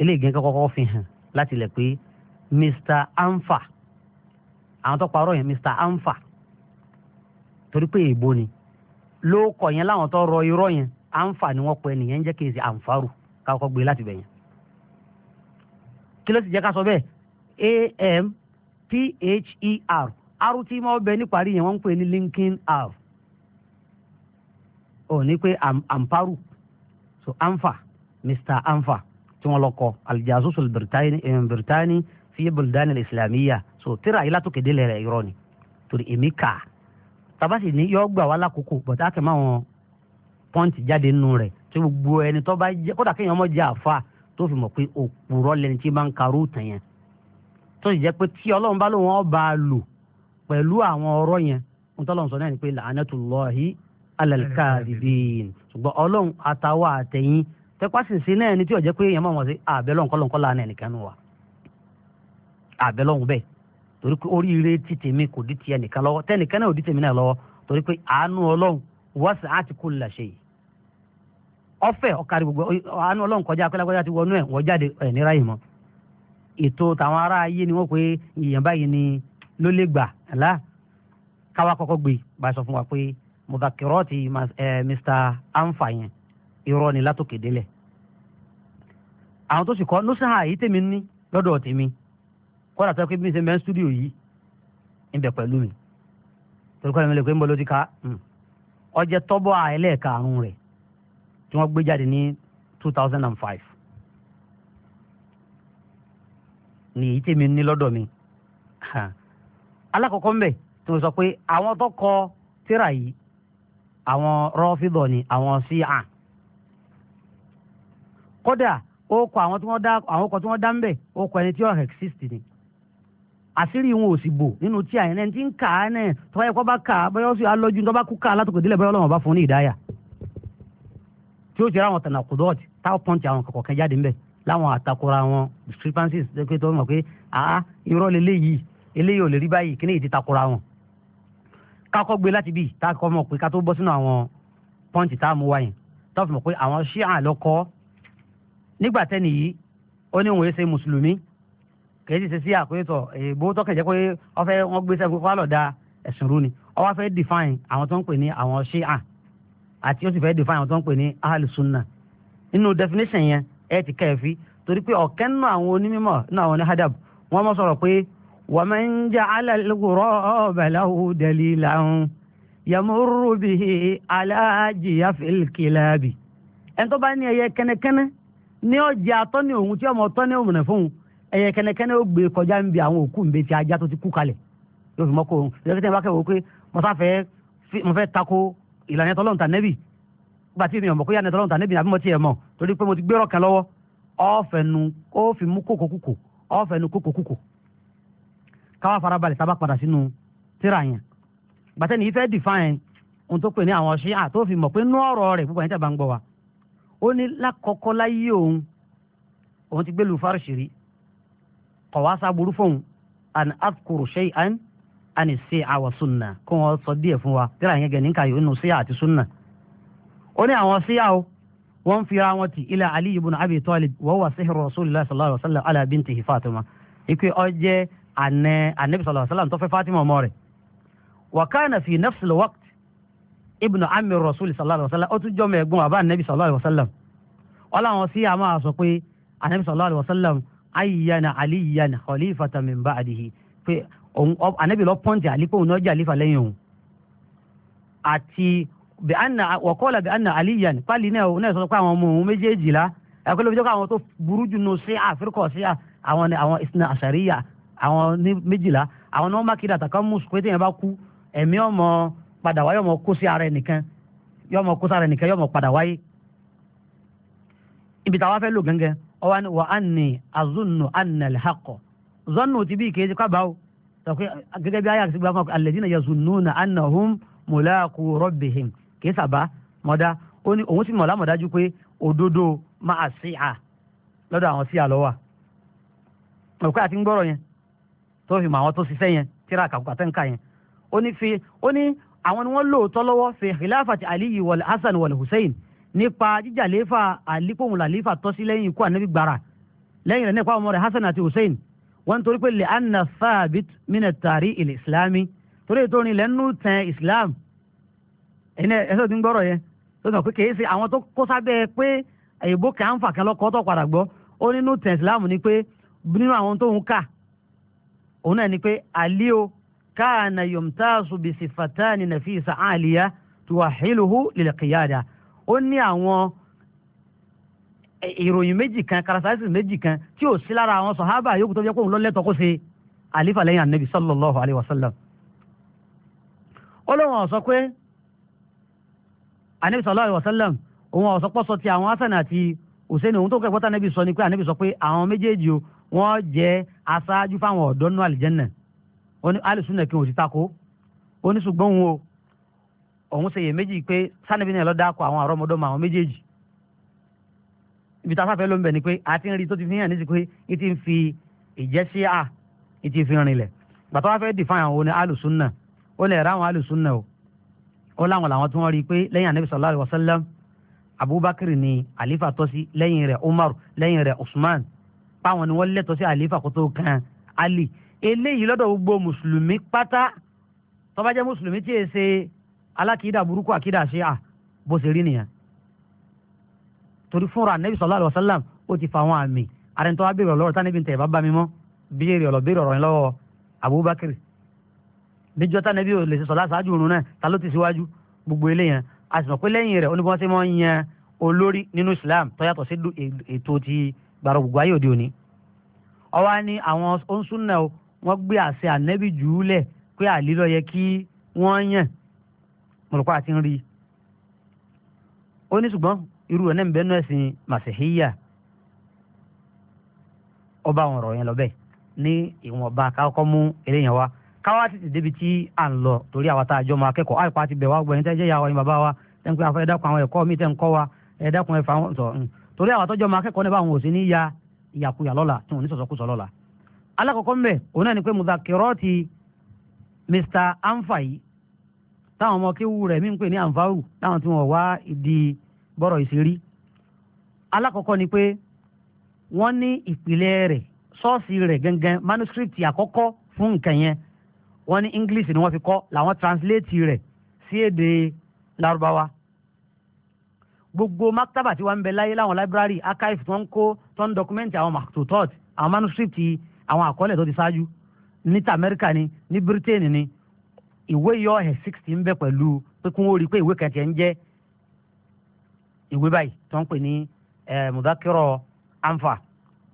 eléyìí gẹ́gẹ́ kọ́kọ́ fi hàn láti lẹ̀ pé mr anfa àwọn tó parọ́ yẹn mr anfa torí pé èèbó ni ló kọ yẹn láwọn tó rọ irọ́ yẹn àǹfà ni wọ́n pẹ́ nìyẹn jẹ́ kéèsì àǹfààrù káwọ́ gbé láti bẹ̀yẹn. kí ló sì jẹ́ ká sọ bẹ́ẹ̀ a m p h e r r tí mo bẹ níparí yẹn wọ́n ń pè ní linkin r ò ní pé àǹfààrù so àǹfà mr àǹfà tí wọ́n lọ kọ alijasusu britani eh, fi buldan islamiyya so tíra ayé látòkèdè lẹ́rẹ̀ irọ́ ni torí èmi kà á tàbá ni ní yọ gbà wá lákòókò bọ̀tá kẹ́ máa wọn pọ́ǹtì jáde nínú rẹ̀ tí gbogbo ẹni tó bá jẹ́ kódà kéèyàn mọ̀ jẹ́ àfa tó fi mọ̀ pé òpùrọ̀ lẹni tí máa ń karú tàn yẹn tó sì jẹ́ pé tí ọlọ́run bá lóun ọba lò pẹ̀lú àwọn ọ̀rọ̀ yẹn ń tọ́lọ́run sọ náà ni pé làánẹ́tùlọ́hì alẹ́lẹ́kàdìbìn ṣùgbọ́n ọlọ́run àtàwọn àtẹ̀yìn tẹ́pásìsì náà ni tí ò jẹ́ pé èèyàn máa wọ̀ sí àbẹ́lọ́nkọ́lọ́nkọ́lá náà nìkan wà àbẹ́lọ́hùn bẹ́ẹ̀ torí pé oríire ti tèmi kò di ti ẹnìkan lọ́wọ́ tẹnìkan náà ò di tèmi náà lọ́wọ́ torí pé àánú ọlọ́run wọ́sẹ̀ á ti kó lè ṣe yìí ọ̀fẹ́ ọ̀kadì gbogbo àánú ọlọ́run kọjá akọ́lágbájá ti wọnú ẹ̀ wọ́n jáde ẹ̀ níra yìí mọ́ ètò tàwọn ará ayé ni wọ́n pé èèyàn báyìí ni ló lè gbà ẹ̀lá káwa kọ́kọ́ gbé bá a sọ fún wa pé mudakirọ́ọ̀tì Mr. anfa yẹn irọ́ ni látòkè délẹ̀ àwọn tó sì kọ́ nusra yìí tèmi ní lọ́dọ̀ tèmi kọ́dà sọ pé bí mi ṣe mẹ́ stúdíò yìí ń bẹ pẹ̀lú mi torí kọ́dà mi lè pé ń bọ́ ló ká ọjẹ́ hmm. tọ́bọ̀ ẹlẹ́ẹ̀karùn-ún rẹ̀ tí wọ́n gbé jáde ní two thousand and five Ni èyí tèmi ní lọ́dọ̀ mi alákọ̀ọ́kọ́ ń bẹ tí mo sọ pé àwọn tó kọ tíra yìí àwọn rọ́fídọ̀ ni àwọn sí à kódà ó kọ àwọn tí wọ́n dá àwọn kọ tí wọ́n dá ń bẹ ó kọ ẹni tí ó exist ni àṣírí wọn ò sì bò nínú tí àyìn náà ti ń kà á náà tó bá yẹ kó bá kà á bóyá ó sì alọ́jú tó bá kú kà á látòkè délẹ̀ bóyá ọlọ́run bá fún ní ìdáyà tí ó jẹ́ àwọn tànà kùdọ́ọ̀tì táwọn pọ́ǹtì àwọn kọ̀ọ̀kan kan jáde ńbẹ̀ láwọn àtakora wọn discrepancies pé tó mọ̀ pé àá irọ́ leléyìí eléyìí ò lè rí báyìí kí ni ìdí takora wọn. kákọ́ gbé láti bì tá a kọ́ mọ̀ pé ká tó bọ́ sínú àwọn pọ́ǹtì tá a mú wáyìn tó fi mọ̀ pé àwọn ṣíà lọ́kọ́ nígbà tẹ́nìyí ó ní òun èsè mùsùlùmí kèéjì ṣe sí àpéjọ èèbó tọkẹjẹ pé ọfẹ wọn gbé sẹgùn pálọ da ẹsùn rú ni ọwọ fẹ define àwọn tó ń pè ní àwọn ṣíà àti ó sì fẹ define àwọn tó ń pè ní ahalusunna nínú definition yẹn ẹ ti kẹfì torí pé ọ̀kẹ́ nínú àwọn onímọ̀ nínú àwọn ní hadab wọ́n mọ̀ sọ̀rọ̀ pé wa man ja'ala al-ghuraba lahu dalilan yamurru bihi ala jiyafil kilabi ẹni tó bá ní ẹyẹ kẹ́nẹ́kẹ́nẹ́ ní ọjà atọ́ni òun tí ọmọ ọtọ́ òmìnira fún un ẹyẹ kẹnẹkẹnẹ ó gbé kọjá ń bi àwọn òkú ń bẹ ti ajá tó ti kú kalẹ̀ yóò fi mọ́ kó ìjọba tẹ́lẹ̀ bá kẹ́wọ́ pé mọ́sáfẹ́ mo fẹ́ tako ìlànà tọ́lọ́run tà nẹ́bì nígbà tí mi ò mọ̀ kó yà nẹ́tọ́lọ́run tà nẹ́bì àbí mo ti ẹ̀ mọ̀ torí pé mo ti gbérò kan lọ́wọ́ ọ̀fẹ́nu ó fi mú kókòkòkò ọ̀fẹ́nu kókòkòkò káwá farabalẹ̀ sábà padà sínú tíra yẹn gbàtẹ́ ni ìfẹ́ define ohun tó pè ní àwọn ṣí à tó fi mọ̀ pé nú ọ̀rọ̀ rẹ̀ púpọ̀ yẹn tẹ̀ bá ń gbọ́ wa ó ní lákọ̀ọ́kọ́ láyé òun òun ti gbé lu fárṣì kọ̀wá sábúrú fóun an afkuru shay'an an si'a wa sunna kó wọn sọ díẹ̀ fún wa tíra yẹn gẹ̀ẹ́nì kàyọ̀ nínú si'a àti sunna. ó ní àwọn si'a o wọ́n ń fira wọn ti ila ali ibn abi talib wa huwa sihru rasulillah sallallahu alayhi wa sallam ala bintihi fatima ikú ọjẹ́ ànẹ anabi sallallahu alayhi wa sallam tó fẹ́ fatima ọmọ rẹ̀. wa kana fi nafsi lwaqt ibn amir rasul sallallahu alayhi wa sallam ó tún jọ́ mẹ́gbọ́n àbá anabi sallallahu alayhi wa sallam. wọ́n láwọn si'a máa sọ pé anabi sallallahu alayhi wa sallam ayyana aliyan khalifata min ba'dihi pé anabi lọ pọ́ǹtì àlípò òun náà jẹ́ àlífà lẹ́yìn òun àti bí anna wọ̀kọ́lá bí anna aliyan pálí náà òun náà sọ pé àwọn ọmọ òun méjèèjìlá ẹ̀kọ́ ló fi jẹ́ pé àwọn tó burú jù nù sí àfíríkọ̀ sí àwọn àwọn ìsìn àṣàríyà àwọn ní méjìlá àwọn náà má kéde àtàkọ́ mú sùpé téèyàn bá kú ẹ̀mí ọmọ padà wáyé ọmọ kó sí ara ẹnìkan yọmọ kó sára ẹnìkan yọmọ padà wáyé ibi táwa fẹ́ lò gángan ọwọ́ ni wà á ní azunnu anal hakọ zọ́nù ti bí kéde ká báwo sọ̀kè gẹ́gẹ́ bí ayé àti gbàgbọ́ alẹ́dínà yazunnuna anahum mulaku rabbihim kìí sàbá mọ́dá ó ní òun sì mọ̀ lámọ̀dájú pé òdodo máa sí à lọ́dọ̀ àwọn sí à lọ́wọ́ ọ̀pẹ́ àti ń gbọ́rọ̀ yẹn tó fi mọ àwọn tó ṣiṣẹ́ yẹn tíra àkàkùkà tẹ́ ń kà yẹn ó ní fi ó ní àwọn ni wọ́n lóòótọ́ lọ́wọ́ fi khilafati aliyu wal hasan wal hussein nípa jíjà léfà àlípòhùn làlífà tọ́sí lẹ́yìn ikú ànábì gbàrà lẹ́yìn rẹ̀ nípa ọmọ rẹ̀ hasan àti hussein wọ́n torí pé lè anna thabit mina tari ilẹ̀ islami torí ètò orin lẹ́nu tẹ̀ islam ẹ̀yin ẹ̀sọ́ ti ń gbọ́rọ̀ yẹn tó sọ pé kìí ṣe àwọn tó kó sábẹ́ pé èyíbó kà ń fà kán lọ́kọ́ tó padà gbọ́ ó nínú tẹ̀ islam ni pé nínú àwọn tó ń kà òun náà ni pé aliyo káàna yomtaasu bisifataani nafisa aliya tuwahiluhu lilqiyada ó ní àwọn ìròyìn méjì kan karasaisi méjì kan tí ò sí lára àwọn sọ̀hábà yòókù tó jẹ́ kóun lọ́lẹ́tọ̀ kó ṣe àlífà lẹ́yìn anabi sallallahu alayhi wa sallam. olóhùn ọ̀sọ́ pé anabi sallallahu alayhi wa sallam òun ọ̀sọ́ pọ̀ sọ ti àwọn hasan àti hussein òun tó kẹ́ gbọ́tà anabi sọ ni pé anabi sọ pé àwọn méjèèjì o wọ́n jẹ́ aṣáájú fáwọn ọ̀dọ́ àlìjẹ́nà ó kí wọ́n ti takò ó ní ṣùgbọ́n òun o òun ṣe iyèméjì pé sanabi náà lọ dáko àwọn àrọmọdọ́mọ àwọn méjèèjì ibi tá a sáfẹ́ ló ń bẹ̀ ni pé a ti ń rí tó ti fi hàn nísìkò yìí ti ń fi ìjẹ́sí à ti fi rinlẹ̀ gbàtọ́ wá fẹ́ dìfáàn àwọn oní alùsùnà ó lè ra àwọn alùsùnà o ó láwọn làwọn tí wọ́n rí i pé lẹ́yìn anabi sallallahu alayhi wa sallam abubakar ni alifa tọ́sí lẹ́yìn rẹ̀ umar lẹ́yìn rẹ̀ usman páwọn ni wọ́n lẹ́tọ́ sí alifa kó tó kan ali eléyìí lọ́dọ̀ gbogbo mùsùlùmí pátá tó bá jẹ́ mùsùlùmí tí ì alákìídà burúkú àkìídà ṣe à bó ṣe rí nìyẹn torí fúnra nẹ́bí sọ̀lá àlọ́ sálàm ó ti fa àwọn àmì àrẹ̀ntọ́ abéèrè ọ̀lọ́rọ̀ tánẹ́bí ń tẹ̀ bá bá mi mọ́ béèrè ọ̀lọ́ béèrè ọ̀rọ̀ yẹn lọ́wọ́ Abubakar níjọ́ tánẹ́bí ò lè ṣe sọ̀lá ṣáájú òun náà ta ló ti síwájú gbogbo eléyẹn a sì mọ̀ pé lẹ́yìn rẹ̀ oníbọn tí wọ́n yan olórí nínú Islam tó yàtọ̀ sí ètò ti gbàrọ̀ gbogbo ayé òde òní ọwọ́ ni àwọn oṣù náà wọ́n gbé àṣẹ ànẹ́bí jù ú lẹ̀ pé àlílọ́ yẹ kí wọ́n yàn mọ̀lùpá àti ń rí i ó ní ṣùgbọ́n irú ẹ̀ náà ń bẹ nú ẹ̀sìn màsíhíyà ọba àwọn ọ̀rọ̀ yẹn lọ bẹ́ẹ̀ ní ìwọ̀nba kákọ́ mú eléyàn wa káwá títí débi tí à ń lọ torí àwa tá a jọ mọ akẹ́kọ̀ọ́ àìpá ti bẹ̀ wá gbọ́ ẹni tẹ́ jẹ́ ìyá wa ni bàbá wa tẹ́ ń pẹ́ afẹ́ ẹ̀dàkùn àwọn ẹ̀kọ́ mi tẹ́ ń kọ́ wa ẹ̀dàkùn ẹ̀fà wọn sọ torí àwa tọ́jọ́ mọ akẹ́kọ̀ọ́ nípa àwọn òsì ní ya ìyàkuyà lọ́la tí wọn ní sọ̀sọ́kùsọ lọ́la. alákọ̀ọ́kọ́ mbẹ̀ òun náà ni pé muzakirọ́ọ̀tì Mr. Anfàyí táwọn ọmọ kéwú rẹ̀ mí ń pè ní ànfàrù táwọn tí wọ́n wá ìdí bọ́rọ̀ ìṣerí. alákọ̀ọ́kọ́ ni pé wọ́n ní ìpìlẹ̀ rẹ̀ sọ́ọ̀sì rẹ̀ gangan manuscript àkọ́kọ́ fún nǹkan yẹn wọ́n ní English ni wọ́n fi kọ́ làwọn translate rẹ̀ sí èdè larubawa. gbogbo maktaba tí wọ́n bẹ láyé láwọn library archive tó ń kó tó ń document àwọn mactotort àwọn manuscript àwọn àkọọ́lẹ̀ tó ti ṣáájú ní t'Amẹ́ríkà ni ní Britain ni ìwé yọ ọ̀hẹ̀ sixty ń bẹ pẹ̀lú pé kí wọ́n rí i pé ìwé kẹtẹ ń jẹ́ ìwé báyìí tó ń pè ní mudakiro anfa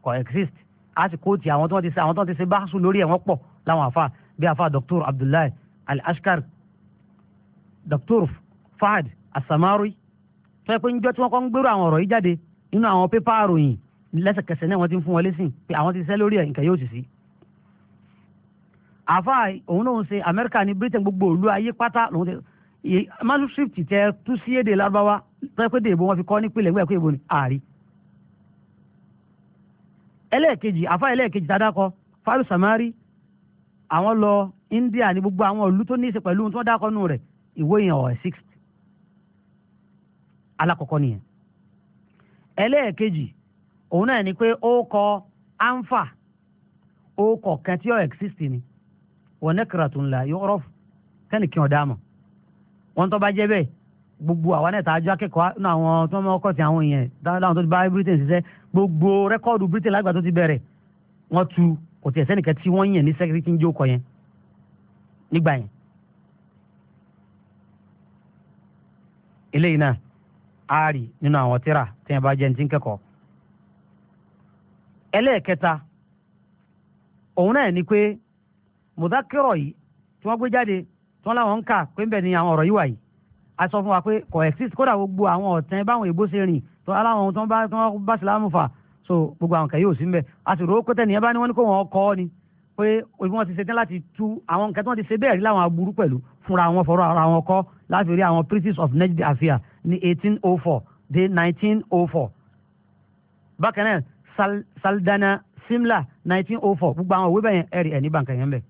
kò exist a sì kóòtù àwọn tó ń ti ṣe àwọn tó ń ti ṣe báṣu lórí ẹ̀ pọ̀ láwọn afa bí afa Dr. Abdullahi Al-Ashkar Dr. Fahad Asamari tó yẹ pé níjọ́ tí wọ́n kọ́ ń gbèrò àwọn ọ̀rọ̀ yìí jáde nínú àwọn pépà àròyìn lẹ́sẹ̀kẹsẹ̀ náà wọ́n ti ń fún wọn lésìn pé àwọn ti ṣiṣẹ́ lórí ẹ̀ nǹkan yóò sì sí. àfa òun náà ń ṣe amẹ́ríkà ní britain gbogbo òlu ayé pátá lòun ṣe manuscript tẹ tú sí èdè lárúbáwá tọ́pẹ́ dèbò wọn fi kọ́ nípìnlẹ̀ ńgbà ìkóyèbó ni ààrí. ẹlẹ́ẹ̀kejì àfa ẹlẹ́ẹ̀kejì dáadákọ faru samari àwọn lọ india ní gbogbo àwọn òlu tó ní í pẹ̀lú tó dákọ́ nù rẹ̀ ìwé yẹn ọ̀ six anfa ó ni wa nakratun la yu'raf Kani ọ̀dà mọ̀ wọ́n tó bá jẹ́ bẹ́ẹ̀ gbogbo àwọn ẹ̀ta àjọ akẹ́kọ̀ọ́ náà àwọn tó mọ ọkọ̀ tí àwọn èèyàn láwọn tó ti bá britain ṣiṣẹ́ gbogbo rẹ́kọ́ọ̀dù britain lágbà tó ti bẹ̀rẹ̀ wọ́n tu kò tiẹ̀ sẹ́nìkan tí wọ́n yàn ní sẹ́kírì tí ń jókòó yẹn nígbà yẹn. eléyìí náà nínú àwọn tíra tí wọ́n bá jẹ́ ti ń kẹ́kọ̀ọ́. ẹlẹ́ẹ̀kẹta òun náà ní pé mùdákẹ́rọ̀ yìí tí wọ́n gbé jáde tí wọ́n láwọn ń kà pé ń bẹ̀ ni àwọn ọ̀rọ̀ yìí wà yìí a sọ fún wa pé kò exist kódà gbogbo àwọn ọ̀tẹ́ báwọn èbó ṣe rìn tó aláwọn tó ń bá sílámù fà so gbogbo àwọn kẹyìn ò sí mbẹ a sì rò ó nìyẹn bá ní wọn ní kó wọn kọ ni pé òbí wọn ti ṣetán láti tú àwọn nǹkan tí wọn ti ṣe bẹ́ẹ̀ rí láwọn aburú pẹ̀lú fúnra wọn fọ̀rọ̀ ara wọn kọ láti rí àwọn princess of nejdi afia ní eighteen oh four dé nineteen oh four bákan náà saldana simla nineteen oh four gbogbo àwọn òwe bẹ́ẹ̀ yẹn ẹ̀rí ẹ̀ ní bàǹkà yẹn bẹ́ẹ̀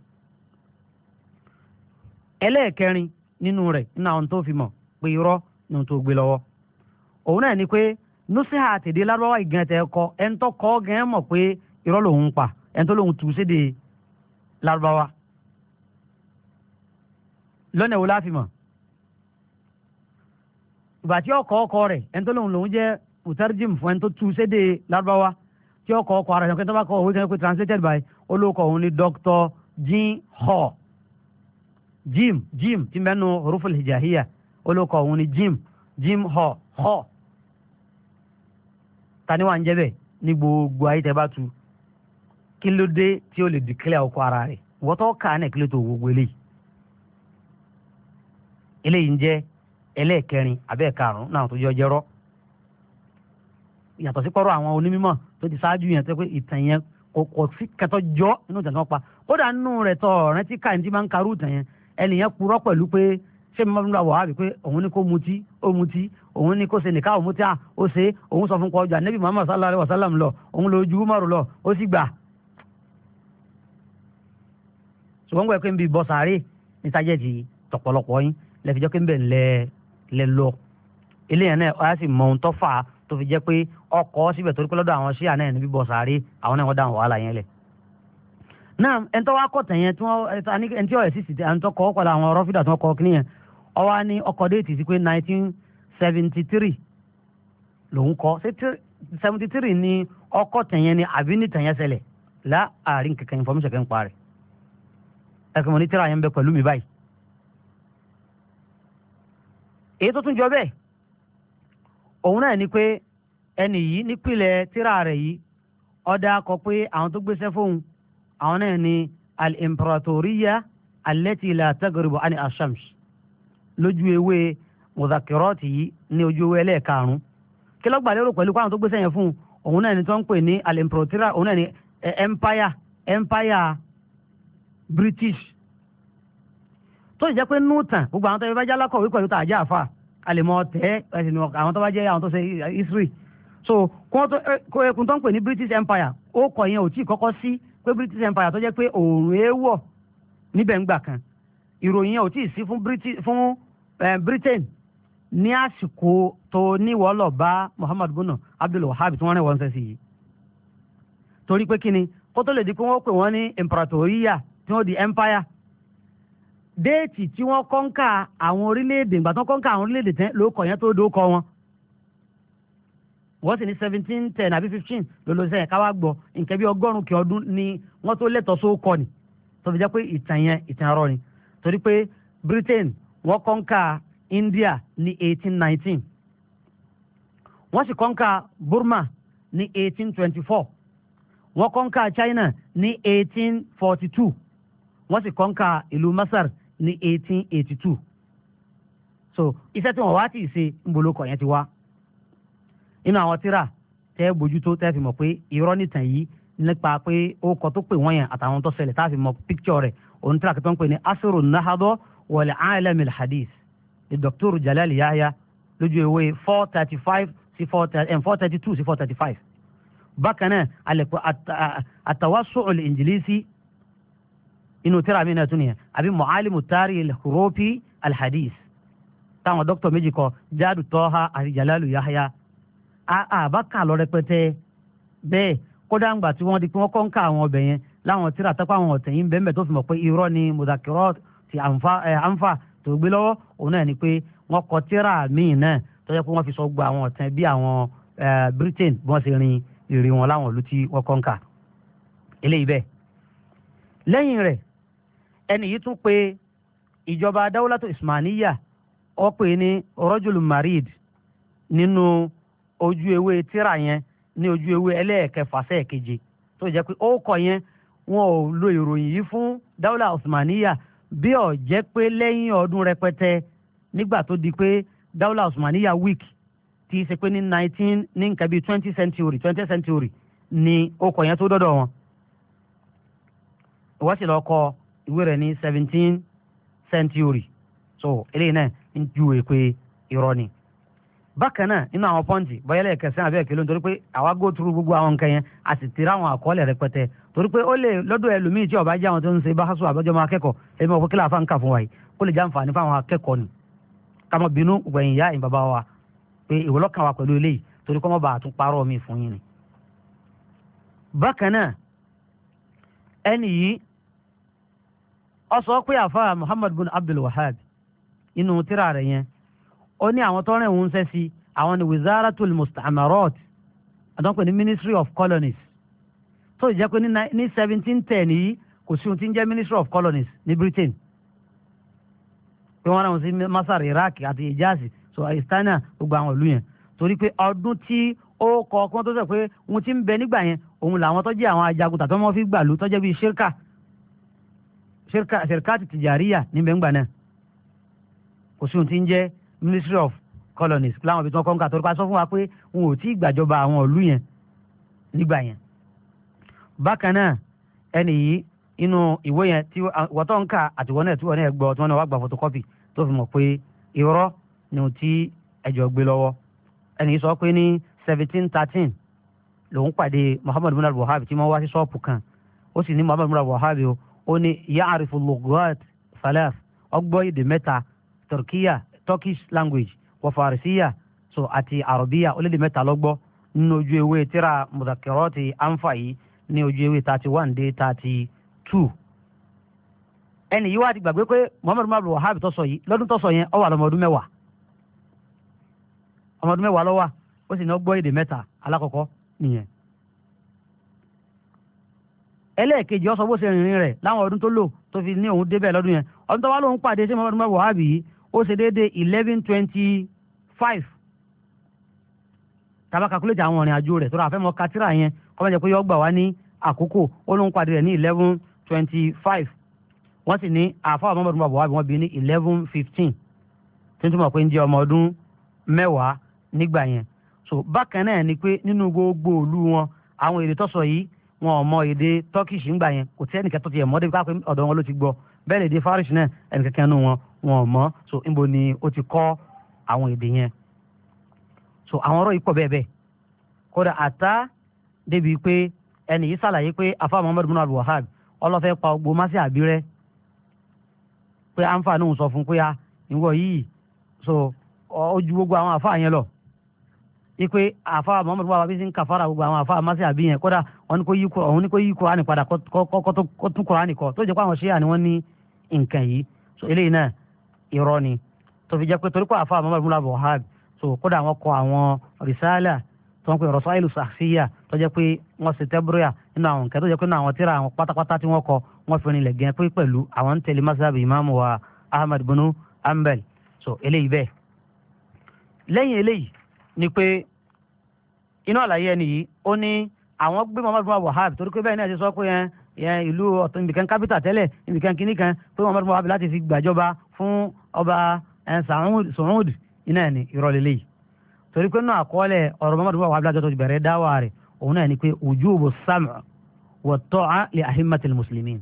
ẹlẹ́ẹ̀kẹrin nínú rẹ̀ nínú àwọn tó fi mọ̀ pé irọ́ ni tó gbé lọ́wọ́ òun náà ni pé nusiha àtẹ̀dé lárúbáwá ìgbìyàn tẹ kọ ẹni tó kọ́ gẹ́gẹ́ mọ̀ pé irọ́ lòun ń pa ẹni tó lòun tù séde lárúbáwá lọ́nà ìwò láfi mọ̀ ìgbà tí ọkọ̀ ọkọ rẹ̀ ẹni tó lòun lòun jẹ́ mutarjim fún ẹni tó tù séde lárúbáwá tí ọkọ̀ ara ẹ̀ tó by olóko òun ni Dr. jean hall jim jim ti mẹ́nu huruful hijahiya olóko òun ni jim jim họ họ tani wà ń jẹ́ gbogbo ayé tẹ́ bá tu kí ló dé tí o lè dìkílẹ̀ ọkọ ara rẹ̀ wọ́tọ́ ká náà kí ló tó gbogbo eléyìí eléyìí ń jẹ́ ẹlẹ́ẹ̀kẹrin abẹ́ karùn-ún náà tó jọ jẹ́rọ́ yàtọ̀ sí kọ́rọ̀ àwọn onímọ̀ tó ti ṣáájú yẹn tó pé ìtàn yẹn kò kò sí kẹtọ́ jọ inú ìtàn tó pa kódà nínú rẹ̀ tọ̀ rántí ká ní ti máa ń karú ìtàn yẹn ẹnìyẹn purọ́ pẹ̀lú pé ṣé mi máa ń lọ àwọ̀ àbí pé òun ni kó mutí ó mutí òun ni kó ṣe nìka òun mutí à ó ṣe òun sọ fún kọjá Nabi Muhammad sallallahu alayhi wa sallam lọ òun lọ ju Umaru lọ ó sì gbà. ṣùgbọ́n gbọ́dọ̀ pé ń bi bọ́ sáré ní tájẹ́tì tọ̀pọ̀lọpọ̀ yín lẹ́fìjọ́ pé ń bẹ̀ ń lẹ lọ. eléyàn náà ọ̀yá sì mọ ohun tó fà á tó fi jẹ́ pé ọkọ̀ síbẹ̀ torí pé lọ́dọ̀ àwọn ṣíà náà ní bíbọ̀ sáré àwọn náà wọ́n dáhùn wàhálà yẹn lẹ̀. náà ẹnitọ́ wa kọ̀ tẹ̀yẹn tí wọ́n ndị ọ̀rẹ́ sì sì tẹ̀ ẹnitọ́ kọ́ la àwọn ọ̀rọ̀ fìdá tí wọ́n kọ́ ní ọkọ̀ déètì nineteen seventy three seventy ni ni àbí ní tẹ̀yẹn ṣẹlẹ̀ láàárín kẹ̀kẹ́ information mi èyí tó tún òun náà ni pé yìí yìí pé àwọn náà ni al-imperatoriya alẹ́tì ilà tagribu ani ashams lójú ewé muzakirọ́ọ̀tì yìí ní ojú ewé ẹlẹ́ẹ̀karùn-ún kí lọ́gbà lérò pẹ̀lú kó àwọn tó gbé sẹ́yìn fún òun náà ni tó ń pè ní al-imperatoriya òun náà ni eh, empire empire british tó sì jẹ́ pé nùtàn gbogbo àwọn tó yẹ bá jẹ́ alákọ̀wé pẹ̀lú tàjà àfà àlèmọ̀ tẹ́ ẹ̀sìn àwọn tó bá jẹ́ àwọn tó ṣe history so kó ẹkùn eh, tó ń pè ní british empire ó kọ̀ yẹn ò tí ì kọ́kọ́ sí pé British Empire tó jẹ́ pé òòrùn èèwọ̀ níbẹ̀ ń gbà kan ìròyìn yẹn ò tí ì sí fún eh, Britain ní àsìkò tó níwọ̀ lọ bá Muhammad bunu Abdul Wahab tí wọ́n rìn wọ́n ṣe sí yìí torí pé kí ni kó tó lè di pé wọ́n pè wọ́n ní imperatoria tí wọ́n di empire déètì tí wọ́n kọ́ńkà àwọn orílẹ̀-èdè ìgbà tí wọ́n kọ́ńkà àwọn orílẹ̀-èdè tán ló kọ̀ yẹn tó dókọ̀ wọn wọ́n sì ní seventeen ten àbí fifteen lọ́lọ́sẹ̀ ká wá gbọ́ nǹkan bí ọgọ́rùn-ún kí ọdún ni wọ́n tó lẹ́tọ̀ọ́ só kọ́ ni tó fi jẹ́ pé ìtàn yẹn ìtàn ẹ̀rọ ni torí pé Britain wọ́n kọ́ńkà India ní eighteen nineteen wọ́n sì kọ́ńkà Burma ní eighteen twenty four wọ́n kọ́ńkà China ní eighteen forty two wọ́n sì kọ́ńkà ìlú Masar ní eighteen eighty two so iṣẹ́ tí wọ́n wá ti ṣe ń bolókọ̀ yẹn ti wá nínú àwọn tíra tẹ́ bójútó tẹ́ fi mọ̀ pé irọ́ nìtàn yìí nípa pé ó kọ tó pè wọ́n yẹn àtàwọn tó ṣẹlẹ̀ tá a fi mọ̀ píkítsọ̀ rẹ̀ òun tíra kẹtọ́ ń pè ní asiru nahadọ wọlé alami hadith ni dr jalal yahya lójú ewé four thirty five sí four thirty eh, two sí four thirty five bákan náà alẹ́kọ̀ àtàwásù ìngilísì inú tíra mi náà tún nìyẹn àbí mu'alimu tari al-kuropi táwọn dókítà méjì kọ jáde tọ́ha àti jalalu yahya àbá kà lọ rẹpẹtẹ bẹ́ẹ̀ kódà ńgbà tí wọ́n di pé wọ́n kọ́ ń ka àwọn ọbẹ̀ yẹn láwọn tíra tẹ́pọ̀ àwọn ọ̀tẹ̀ yìí ń bẹ́ẹ̀ tó fi mọ̀ pé irọ́ ni mùdàkìrọ́ ti ànfà tó gbé lọ́wọ́ òun náà ni pé wọ́n kọ tíra míì náà tó yẹ pé wọ́n fi sọ gba àwọn ọ̀tẹ̀ bí àwọn Britain bí wọ́n ṣe rin ìrìn wọn láwọn ìlú tí wọ́n kọ́ ń ka eléyìí bẹ́ẹ̀ lẹ́yìn rẹ̀ ẹni yìí tún pé ìjọba dáwọ́látò Ismaniya ó pè ní rọ́jùlù marid nínú ojú ewé tíra yẹn ní ojú ewé ẹlẹ́ẹ̀kẹfà sẹ́ẹ̀keje tó jẹ́ pé ó kọ yẹn wọn ò lo ìròyìn yìí fún dáúlà osmaniya bí ó jẹ́ pé lẹ́yìn ọdún rẹpẹtẹ nígbà tó di pé dáúlà osmaniya week ti ṣe ní nineteen ní nǹkan bíi twenty century twenty century ni ó kọ yẹn tó dọ́dọ̀ wọn sì so eléyìí náà ń ju ni. bákan náà nínú àwọn pọ́ǹtì bọ́yẹ́lẹ̀ kẹsàn àbí ẹ̀kẹ́ ló torí pé àwa go gbogbo àwọn a sì tira àwọn àkọọ́lẹ̀ rẹpẹtẹ torí pé ó lè lọ́dọ̀ ẹlòmíì tí ọba jẹ́ àwọn tó ń ṣe báṣọ àbájọ máa kẹ́kọ̀ọ́ èmi ọ̀pọ̀ kílà fáǹkà fún wa yìí kó lè jàǹfààní fáwọn akẹ́kọ̀ọ́ ni kámọ́ bínú gbẹ̀yìn ìyá ìyìn ó ní àwọn tó rìn òun ṣẹ́ sí àwọn ni wizaratul mustamarat àdánpẹ̀ ní ministry of colonies tó ìjẹ́ pé ní seventeen ten yìí kò sí ohun tí ń jẹ́ ministry of colonies ní Britain pé wọ́n ráwọn sí Masar Iraq àti Hijaz so istana gbogbo àwọn ìlú yẹn torí pé ọdún tí ó kọ kí wọ́n tó sọ pé ohun tí ń bẹ nígbà yẹn òun làwọn tó jẹ́ àwọn ajagunta tó wọ́n fi gbàlú tó jẹ́ bíi ṣírkà ṣírkà ṣírkà ti tìjàríyà níbẹ̀ ńgbà náà kò sí ohun tí ń jẹ́ ministry of colonies láwọn ibi tí wọ́n kọ́ ń kà torí pa sọ fún wa pé wọn ò tí ì gbàjọba àwọn ìlú yẹn nígbà yẹn. bákan náà ẹnì yìí inú ìwé yẹn tí wọ́n tó ń kà àtiwọ́n náà tí wọ́n náà gbọ́ tí wọ́n náà wá gba photocopy tó fi mọ̀ pé irọ́ ni ohun tí ẹjọ́ gbé lọ́wọ́ ẹnì yìí sọ pé ní seventeen thirteen lòun pàdé muhammadu bin al-wahhab tí wọ́n wá sí ṣọ́ọ̀pù kan ó sì ní muhammadu bin al-wahhab o ó ní yaarifu lugat falaf ọgbọ́ èdè mẹ́ta turkiya turkish language wa farisiya so àti arabiya ó lé di mẹ́ta lọ́gbọ́ nínú ojú ewé tíra mudakiroti anfa yìí ní ojú ewé thirty one dé thirty two yìí wá ti gbàgbé pé muhammadu mabu wahab tó sọ yìí lọdún tó sọ yẹn ó wà ó sì èdè fi ní òun débẹ̀ lọ́dún yẹn ọdún tó wá lóun pàdé sí mabu wahab ó ṣe déédéé eleven twenty five tàbá calculate àwọn ọ̀rìn àjò rẹ̀ tó rà fẹ́ mọ katira yẹn kọ́mọ̀ jẹ́ pé yọ gbà wá ní àkókò ó ló ń padì rẹ̀ ní eleven twenty five wọ́n sì ní àfáà ọmọ ọdún bàbá wa bí wọ́n bí ní eleven fifteen tí wọ́n tún mọ̀ pé ń jẹ́ ọmọ ọdún mẹ́wàá nígbà yẹn so bákan náà ni pé nínú gbogbo ìlú wọn àwọn èdè tọ́sọ yìí wọn ò mọ èdè turkish ńgbà yẹn kò tí ẹnìkan tó ti ẹ̀ mọ́ débi káàpẹ́ ọ̀dọ̀ wọn ló ti gbọ́ bẹ́ẹ̀ lè dé farish náà ẹnìkankan nù wọn wọn ò mọ̀ so níbo ni ó ti kọ́ àwọn èdè yẹn so àwọn ọ̀rọ̀ yìí pọ̀ bẹ́ẹ̀ bẹ́ẹ̀ kódà àtá débi pé ẹnì yìí ṣàlàyé pé afa muhammed bin abdul wahab ọlọ́fẹ́ pa ogbó má sí àbí rẹ pé àǹfààní òun sọ fún pé a ah, ìwọ yìí so ojú gbogbo àwọn afa yẹn lọ ipe afa muhammed bin abdul wahab ń kàfàrà gbogbo àwọn afa má sí àbí yẹn kódà òun ni kò yí kúránì padà kó tún kúránì kọ tó jẹ́ pé àwọn ṣíà ni wọ́n ní nǹkan yìí so eléyìí náà irọ́ ni tó fi jẹ́ pé torí pé àfa àmọ́ mọ́lá bọ̀háàbì so kódà wọ́n kọ àwọn rìsáàlà tó ń pè rọ̀sáìlù sàfíà tó jẹ́ pé wọ́n ṣe tẹ́búrẹ́à nínú àwọn nǹkan tó jẹ́ pé nínú àwọn tíra àwọn pátápátá tí wọ́n kọ wọ́n fi rinlẹ̀ gẹ́n pé pẹ̀lú àwọn ń tẹ̀lé masabi imaamu wa Ahmed bunu ambel so eléyìí bẹ́ẹ̀ lẹ́yìn eléyìí ni pé inú àlàyé ẹni yìí ó ní àwọn gbé muhammadu bin wahab torí pé bẹ́ẹ̀ náà ṣe sọ pé yẹn ìlú ọ̀tún ibìkan kápítà tẹ́lẹ̀ ibìkan kínní kan pé muhammadu bin wahab láti fi gbàjọba fún ọba eh, Saud iná ni irọ́ lélẹ́yìí torí pé náà àkọọ́lẹ̀ ọ̀rọ̀ mamadu wà wàhálà jọ́tọ̀ bẹ̀rẹ̀ dáwà rẹ̀ òun náà ni pé ujubu sam'u wa ta'a li ahimmatil muslimin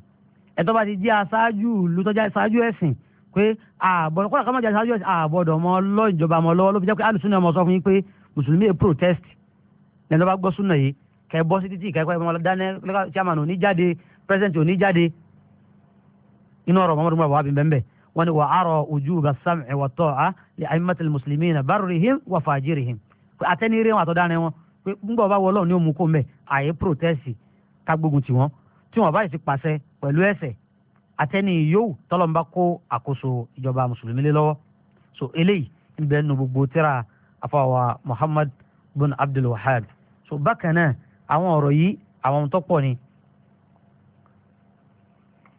ẹ̀tọ́ bá ti jẹ́ aṣáájú ìlú tọ́jà aṣáájú ẹ̀sìn pé àbọ̀dọ̀ kọ́lá kọ́mọ̀jà aṣáájú ẹ̀sìn àbọ̀dọ̀ mọ́ lọ́ ìjọba mọ́ lọ́wọ́ ló fi jẹ́ pé alùsùn ọmọ sọ fún yín pé mùsùlùmí è protest lẹ́nu bá gbọ́ súnà yìí kẹ́ bọ́ sí títì kẹ́kọ́ ẹ̀mọ́ dáná chairman òní jáde president òní inú ọ̀rọ̀ mọ́mọ́dún bàbá wa bí bẹ́ẹ̀ bẹ́ẹ̀ wọ́n ní wà á rọ ojú ga sam'i wa ta'a li a'immatil muslimina barrihim wa fajirihim àtẹni eré wọn àtọ́dáni wọn pé ńgbà bá wọ ọlọ́run ní òun kó mbẹ àyè protest kágbógun tì wọ́n tí wọ́n báyìí ti pàṣẹ pẹ̀lú ẹsẹ̀ àtẹni yòówù tọ́lọ́n bá kó àkóso ìjọba mùsùlùmí lé so eléyìí ń bẹ nínú gbogbo tíra àfàwà Muhammad bin Abdul Wahhab so bákan náà àwọn ọ̀rọ̀ yìí àwọn ohun tó pọ̀ ni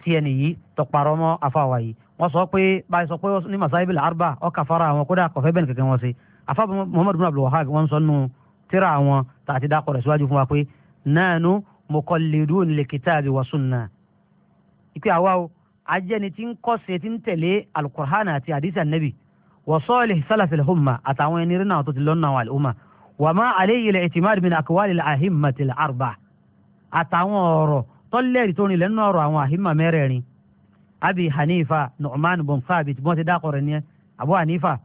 tí ẹni yìí tọparọ́ mọ́ àfàwà yìí wọ́n sọ pé báyìí sọ pé ní masáyébí làárùbá ọkà fara àwọn kódà kọfẹ́ bẹ́ẹ̀ kẹ̀kẹ́ wọn sí afa muhammadu bin abdul wahab wọn sọ nù tíra àwọn tá a ti dá kọrẹ síwájú fún wa pé nánú mọkànlélódún lè kitabi wa sunna ìpè àwa o ajẹni tí ń kọ́sẹ̀ tí ń tẹ̀lé alukur'an àti hadith anabi wa salih salafil humma àtàwọn ẹni rìnnà tó ti lọ́nà wà lùmà wà má alayhi al-i'timad min aqwali al abi hanifa nu'man bin thabit bọ́n ti dákọ̀rọ̀ ni abu hanifa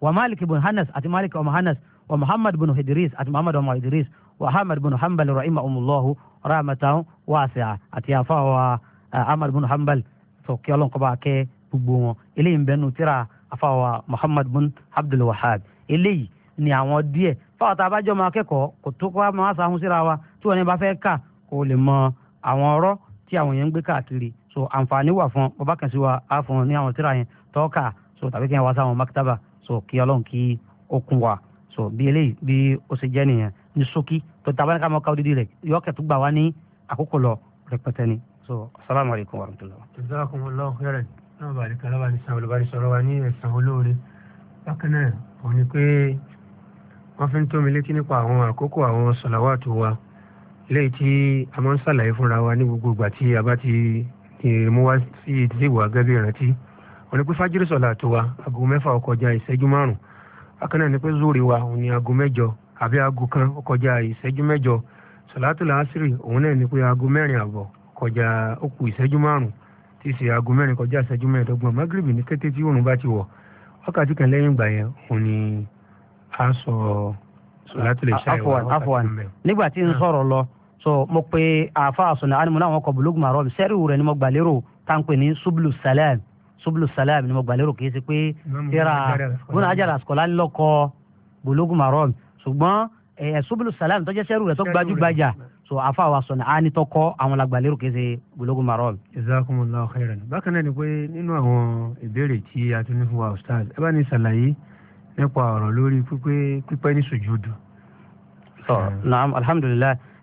wa malik bin hanas àti malik ọmọ hanas wa muhammad bin idris àti muhammad ọmọ idris wa ahmad bin hanbal rahima umullahu rahmatan wasi'a àti afa wa ahmad bin hanbal sọ̀kẹ́ ọlọ́nkọ́ba kẹ́ gbogbo wọn eléyìí ń bẹ́ẹ̀ nù tíra afa wa muhammad bin abdul wahab eléyìí ni àwọn díẹ̀ fáwọn tá a bá jọ máa kẹ́kọ̀ọ́ kò tó kó a máa sàhún síra wa tí wọn ní bá fẹ́ so àǹfààní wà fún bàbá kan sí wa á fún ní àwọn tíra yẹn tọ́ka so tàbí kí n wá sáwọn maktaba so kí ọlọ́run kí ó kún wa so bí eléyìí bí ó ṣe jẹ́ nìyẹn ní ṣókí tó tàbá ní ká mọ káwọ́ dídì rẹ̀ yọ kẹ́tù gbà wá ní àkókò lọ rẹpẹtẹ ni so asalaamu alaykum wa rahmatulah. jazakumullahu khairan náà bàálí kala wa ní sàn olùbárí sọ̀rọ̀ wa ní ẹ̀sán olóore bákan náà ni pé wọ́n fi ń tó mi létí nípa àwọn àkókò àwọn sọ̀làwàtò wa léyìí tí a máa ń ṣàlàyé fúnra wa ní gbogbo ìgbà tí a bá ti mo wá sí ìdílé ìwà gẹ́gẹ́ bí ìrántí wọn ni pé fájírì sọ̀lá tó wa aago mẹ́fà ó kọjá ìṣẹ́jú márùn bákan náà ni pé zórí wa òun ni aago mẹ́jọ àbí aago kan ó kọjá ìṣẹ́jú mẹ́jọ tó láásìrì òun náà ni pé aago mẹ́rin àbọ̀ kọjá ó kù ìṣẹ́jú márùn tí ṣe aago mẹ́rin kọjá ìṣẹ́jú mẹ́ẹ̀ẹ́dọ́gbọ̀n magrebi ní kété tí oòrùn bá ti wọ̀ wákàtí kan lẹ́yìn ìgbà yẹn òun ni a sọ sọ̀lá tó lè ṣàyẹ̀wò àwọn wákàtí so mo pe àáfàá sọ̀nà àni mo náà wọn kọ bulugul maram sẹ́ríwù rẹ̀ ni mo gbà lérò táǹpẹ̀ ní sublu salam sublu salam ni mo gbà lérò kìí ṣe pé tíra bùnà ajára àsìkọ́lá ń lọ́kọ bulugul maram ṣùgbọ́n ẹ̀ sublu salam tọ́jẹ́ sẹ́ríwù rẹ̀ tó gbajúgbajà so àáfàá wa sọ̀nà àni tọkọ àwọn làgbà lérò kìí ṣe bulugul maram. jazakumullahu khairan bákan náà ni pé nínú àwọn ìbéèrè tí a tún ní fún wa ustaz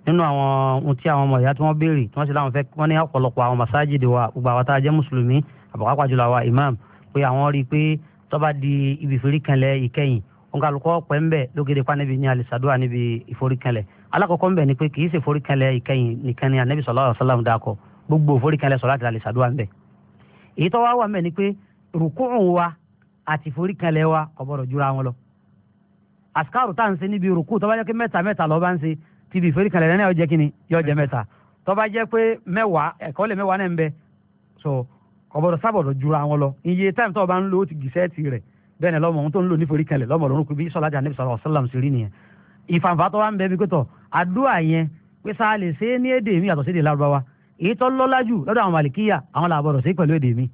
nínú àwọn ohun tí àwọn ọmọ ìyá tí wọ́n béèrè tí wọ́n sì láwọn fẹ́ wọ́n ní ọ̀pọ̀lọpọ̀ àwọn masajidi wa gbogbo àwọn tá a jẹ́ mùsùlùmí àbọ̀kápá jùlọ àwa imam pé àwọn rí i pé tó bá di ibi ìforíkànlẹ̀ ìkẹyìn òǹkàlùkọ́ pẹ́ ń bẹ̀ lógede pánẹ́bí ní alìsàdúrà níbi ìforíkànlẹ̀ alákọ̀ọ́kọ́ ń ni pé kì í ṣe ìforíkànlẹ̀ ìkẹyìn nìkan ni anabi sallallahu alaihi wasallam dákọ̀ gbogbo ìforíkànlẹ̀ sọ̀rọ̀ àti alìsàdúrà ń bẹ̀ èyí tó wá wà ń ni pé rùkúrùn wa àti ìforíkànlẹ̀ wa kò gbọ́dọ̀ jura wọn lọ àsìkárù tá à ń ṣe ti bí ìforí nani náà yóò jẹ́ kíni yóò jẹ́ mẹ́ta tó bá jẹ́ pé mẹ́wàá ẹ̀kọ́ lè mẹ́wàá náà ń bẹ so kọ̀bọ̀dọ̀ sábọ̀dọ̀ jura wọn lọ iye táìmù tó o bá ń lo ti gìsẹ́ ti rẹ̀ bẹ́ẹ̀ ni lọ́mọ ohun tó ń lò níforí kalẹ̀ lọ́mọ lọ́rùn kú bí sọlá jà níbi sọlá ọ̀sálàm sí rí nìyẹn ìfànfà tó wá ń bẹ bí pẹ́tọ̀ àdúrà yẹn pé sá lè ṣe é ní èdè mi yàtọ̀ sí èdè lárúbáwá èyí tó lọ́lá lọ́dọ̀ àwọn màlìkíyà àwọn làbọ̀dọ̀ sí pẹ̀lú èdè mi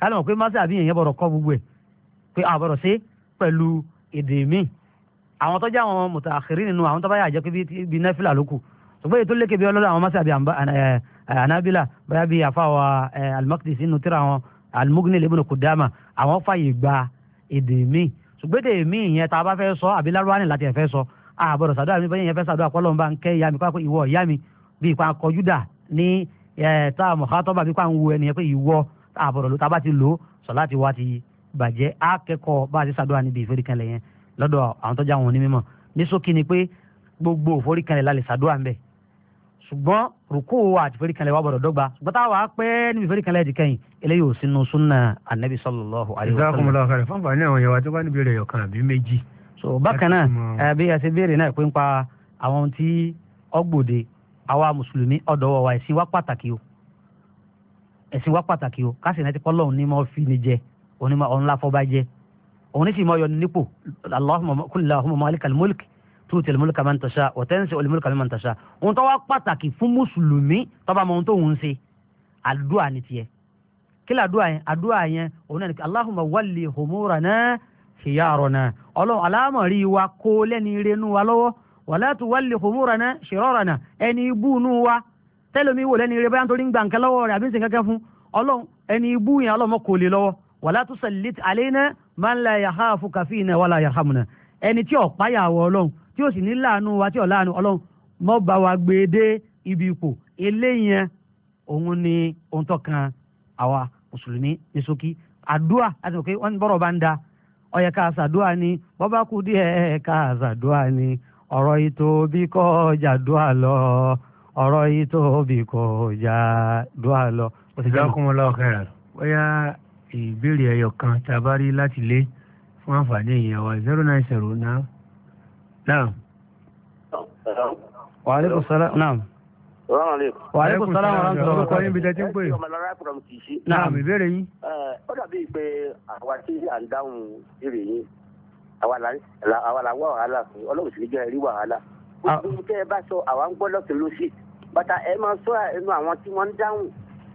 kálí mọ̀ pé má àbíyẹn yẹn bọ̀dọ̀ kọ́ gbogbo ẹ̀ pé àbọ̀dọ̀ sí pẹ̀lú èdè mi àwọn tọ́jú àwọn mùtàkìrí nínú àwọn tọ́báyà àjọ pé bíi nẹ́fìlà ló kù ṣùgbọ́n èyí tó lékè bí ọlọ́dọ̀ àwọn mọ́sàbí anabila bóyá bíi àfàwà alimakidisi nínú tíra àwọn alimugni lébùnú kudama àwọn fàyè gba èdè míì ṣùgbọ́n èdè míì yẹn tá a bá fẹ́ sọ àbí lárúbáwá láti ẹ̀fẹ́ sọ àbọ̀dọ̀ sàdúrà mi bẹ́ẹ̀ yẹn fẹ́ sàdúrà kọ́lọ́ bá ń kẹ́ ìyá mi pákó ìwọ ìyá mi bíi pa kọjú dà ní tá a mọ̀kátọ́ bá bíi ti lò sọ láti wá ti bàjẹ́ yẹn lọ́dọ̀ àwọn tọ́jà wọn ní mímọ̀ ní sókè ni pé gbogbo òforíkanlẹ̀ la lè ṣàdúrà ń bẹ̀ ṣùgbọ́n rúkú àti foríkanlẹ̀ wa gbọ́dọ̀ dọ́gba ṣùgbọ́n táwa pẹ́ níbi foríkanlẹ̀ di kẹ́yìn eléyìí ò sínú súnà anabi sallallahu alaihi wasallam. ìdákùnmọ́lá ọ̀kadà fáfà ní àwọn yẹn wa tó bá níbi rẹ̀ yọ̀kan àbí méjì. so bákan náà bí a ṣe béèrè náà pé ń pa àwọn tí ọgbòde àwa mùsùlùmí ọ̀dọ̀ wa ẹ̀sìn wa pàtàkì o ẹ̀sìn òun ní sì máa yọ nípò Allahumma kullahumma malikal mulk tuutil mulka man tasha wa tanzi'ul mulka mimman tasha òun tó wá pàtàkì fún mùsùlùmí tó bá mọ ohun tó ń ṣe àdúrà ní tiẹ̀ kí lè àdúrà yẹn àdúrà yẹn òun náà ní kí Allahumma walli humurana khiyarana ọlọ́run aláàmọ̀rí wa kó lẹ́ni renú wa lọ́wọ́ wala tuwalli humurana shirarana ẹni máa ń la yàhá fúkà fi iná wàlá yàhá múna ẹni tí ọ̀pá yàwó ọlọ́run tí ó sì ní láàánú wa tí ò láàánú ọlọ́run mọ́ bá wa gbé e dé ibi ipò eléyẹn òun ni ohun tó kan àwa mùsùlùmí ní ṣókí àdúà àti òkè wọn bọ́rọ̀ bá ń da ó ká ṣàdúà ni bọ́ bá kú díẹ̀ ká ṣàdúà ni ọ̀rọ̀ ètò bí kò jàdúà lọ ọ̀rọ̀ ètò bí kò jàdúà lọ. ìjọkùnmọ́ lọ́kẹ́rẹ́ bóyá ìbéèrè ẹyọ kan tá a bá rí láti lé fún àǹfààní èèyàn wa zero nine zero náà. naam. wa aleykum salaam naam. wa aleykum salaam wa rahmatulah wa kọ́ni bí dẹ́tí ń pè. naam ìbéèrè yín. ó dàbí pé àwa tí à ń dáhùn ìbéèrè yín àwa là wà wàhálà fún ọlọ́run sì ní jẹ́ rí wàhálà. kó ah. tẹ́ ẹ bá sọ àwa ń gbọ́ lọ́sẹ̀ bàtà ẹ máa sọ ẹnu àwọn tí wọ́n ń dáhùn.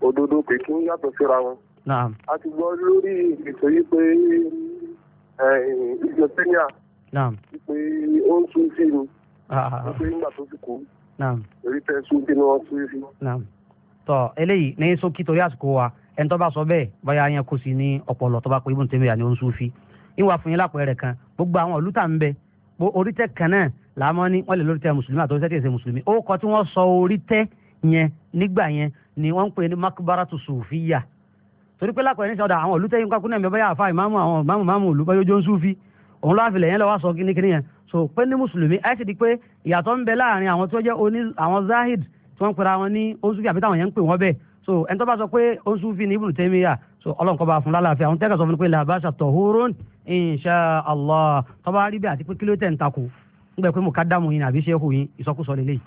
òdodo pé kí n yàtọ̀ síra wọn. a ti gbọ́ lórí ètò yìí pé ìjọ kenya pé ó ń sún sí ni ah, ah, ah. pé nígbà tó ti kú orí tẹ sún sí ni wọ́n sún sí. tọ eléyìí ní ṣókí torí àsìkò wa ẹni tó bá sọ bẹ́ẹ̀ báyà yẹn kò sí ní ọpọlọ tó bá pé ibùn tèmi àni ó ń fi ìwà fún yín lápẹẹrẹ kan gbogbo àwọn òlú ń bẹ orítẹ kan náà làmọ́ ní wọ́n lè lórí tẹ mùsùlùmí àtọ́rí tẹ tẹ̀sẹ̀ mùsùlùmí ó kọ tí wọ́n sọ orítẹ́ yẹn nígbà yẹn ni wọ́n ń pè ní makbaratu sufiya torí pé lápẹ̀rẹ̀ ní sọ̀dọ̀ àwọn olùtẹ́yìn ń kakúnẹ̀ mẹ́bẹ́ yàfa ìmáàmù àwọn ìmáàmù máàmù olùbáyọ̀ jọ ń súfì òun lọ́wọ́ àfilẹ̀ yẹn lọ́wọ́ sọ kíníkíní yẹn so pé ní mùsùlùmí ẹ sì di pé ìyàtọ̀ ń bẹ láàrin àwọn tó jẹ́ oní àwọn zahid tí wọ́n ń pera wọn ní oṣùfì àbí táwọn yẹn ń pè wọ́n bẹ́ẹ̀ so ẹni tó bá sọ pé oṣùfì ní ibùdó tẹ́míyà so ọlọ́run kọ́ bá fún lálàáfíà àwọn tẹ́kẹ̀ sọ fún mi pé làbáṣà tọ̀húrún insha allah tọ́ba rí bẹ́ẹ̀ àti pé kílódé tẹ̀ ń takò ń gbẹ pé mo ká dààmú yín àbí ṣe é hù yín ìsọkúsọ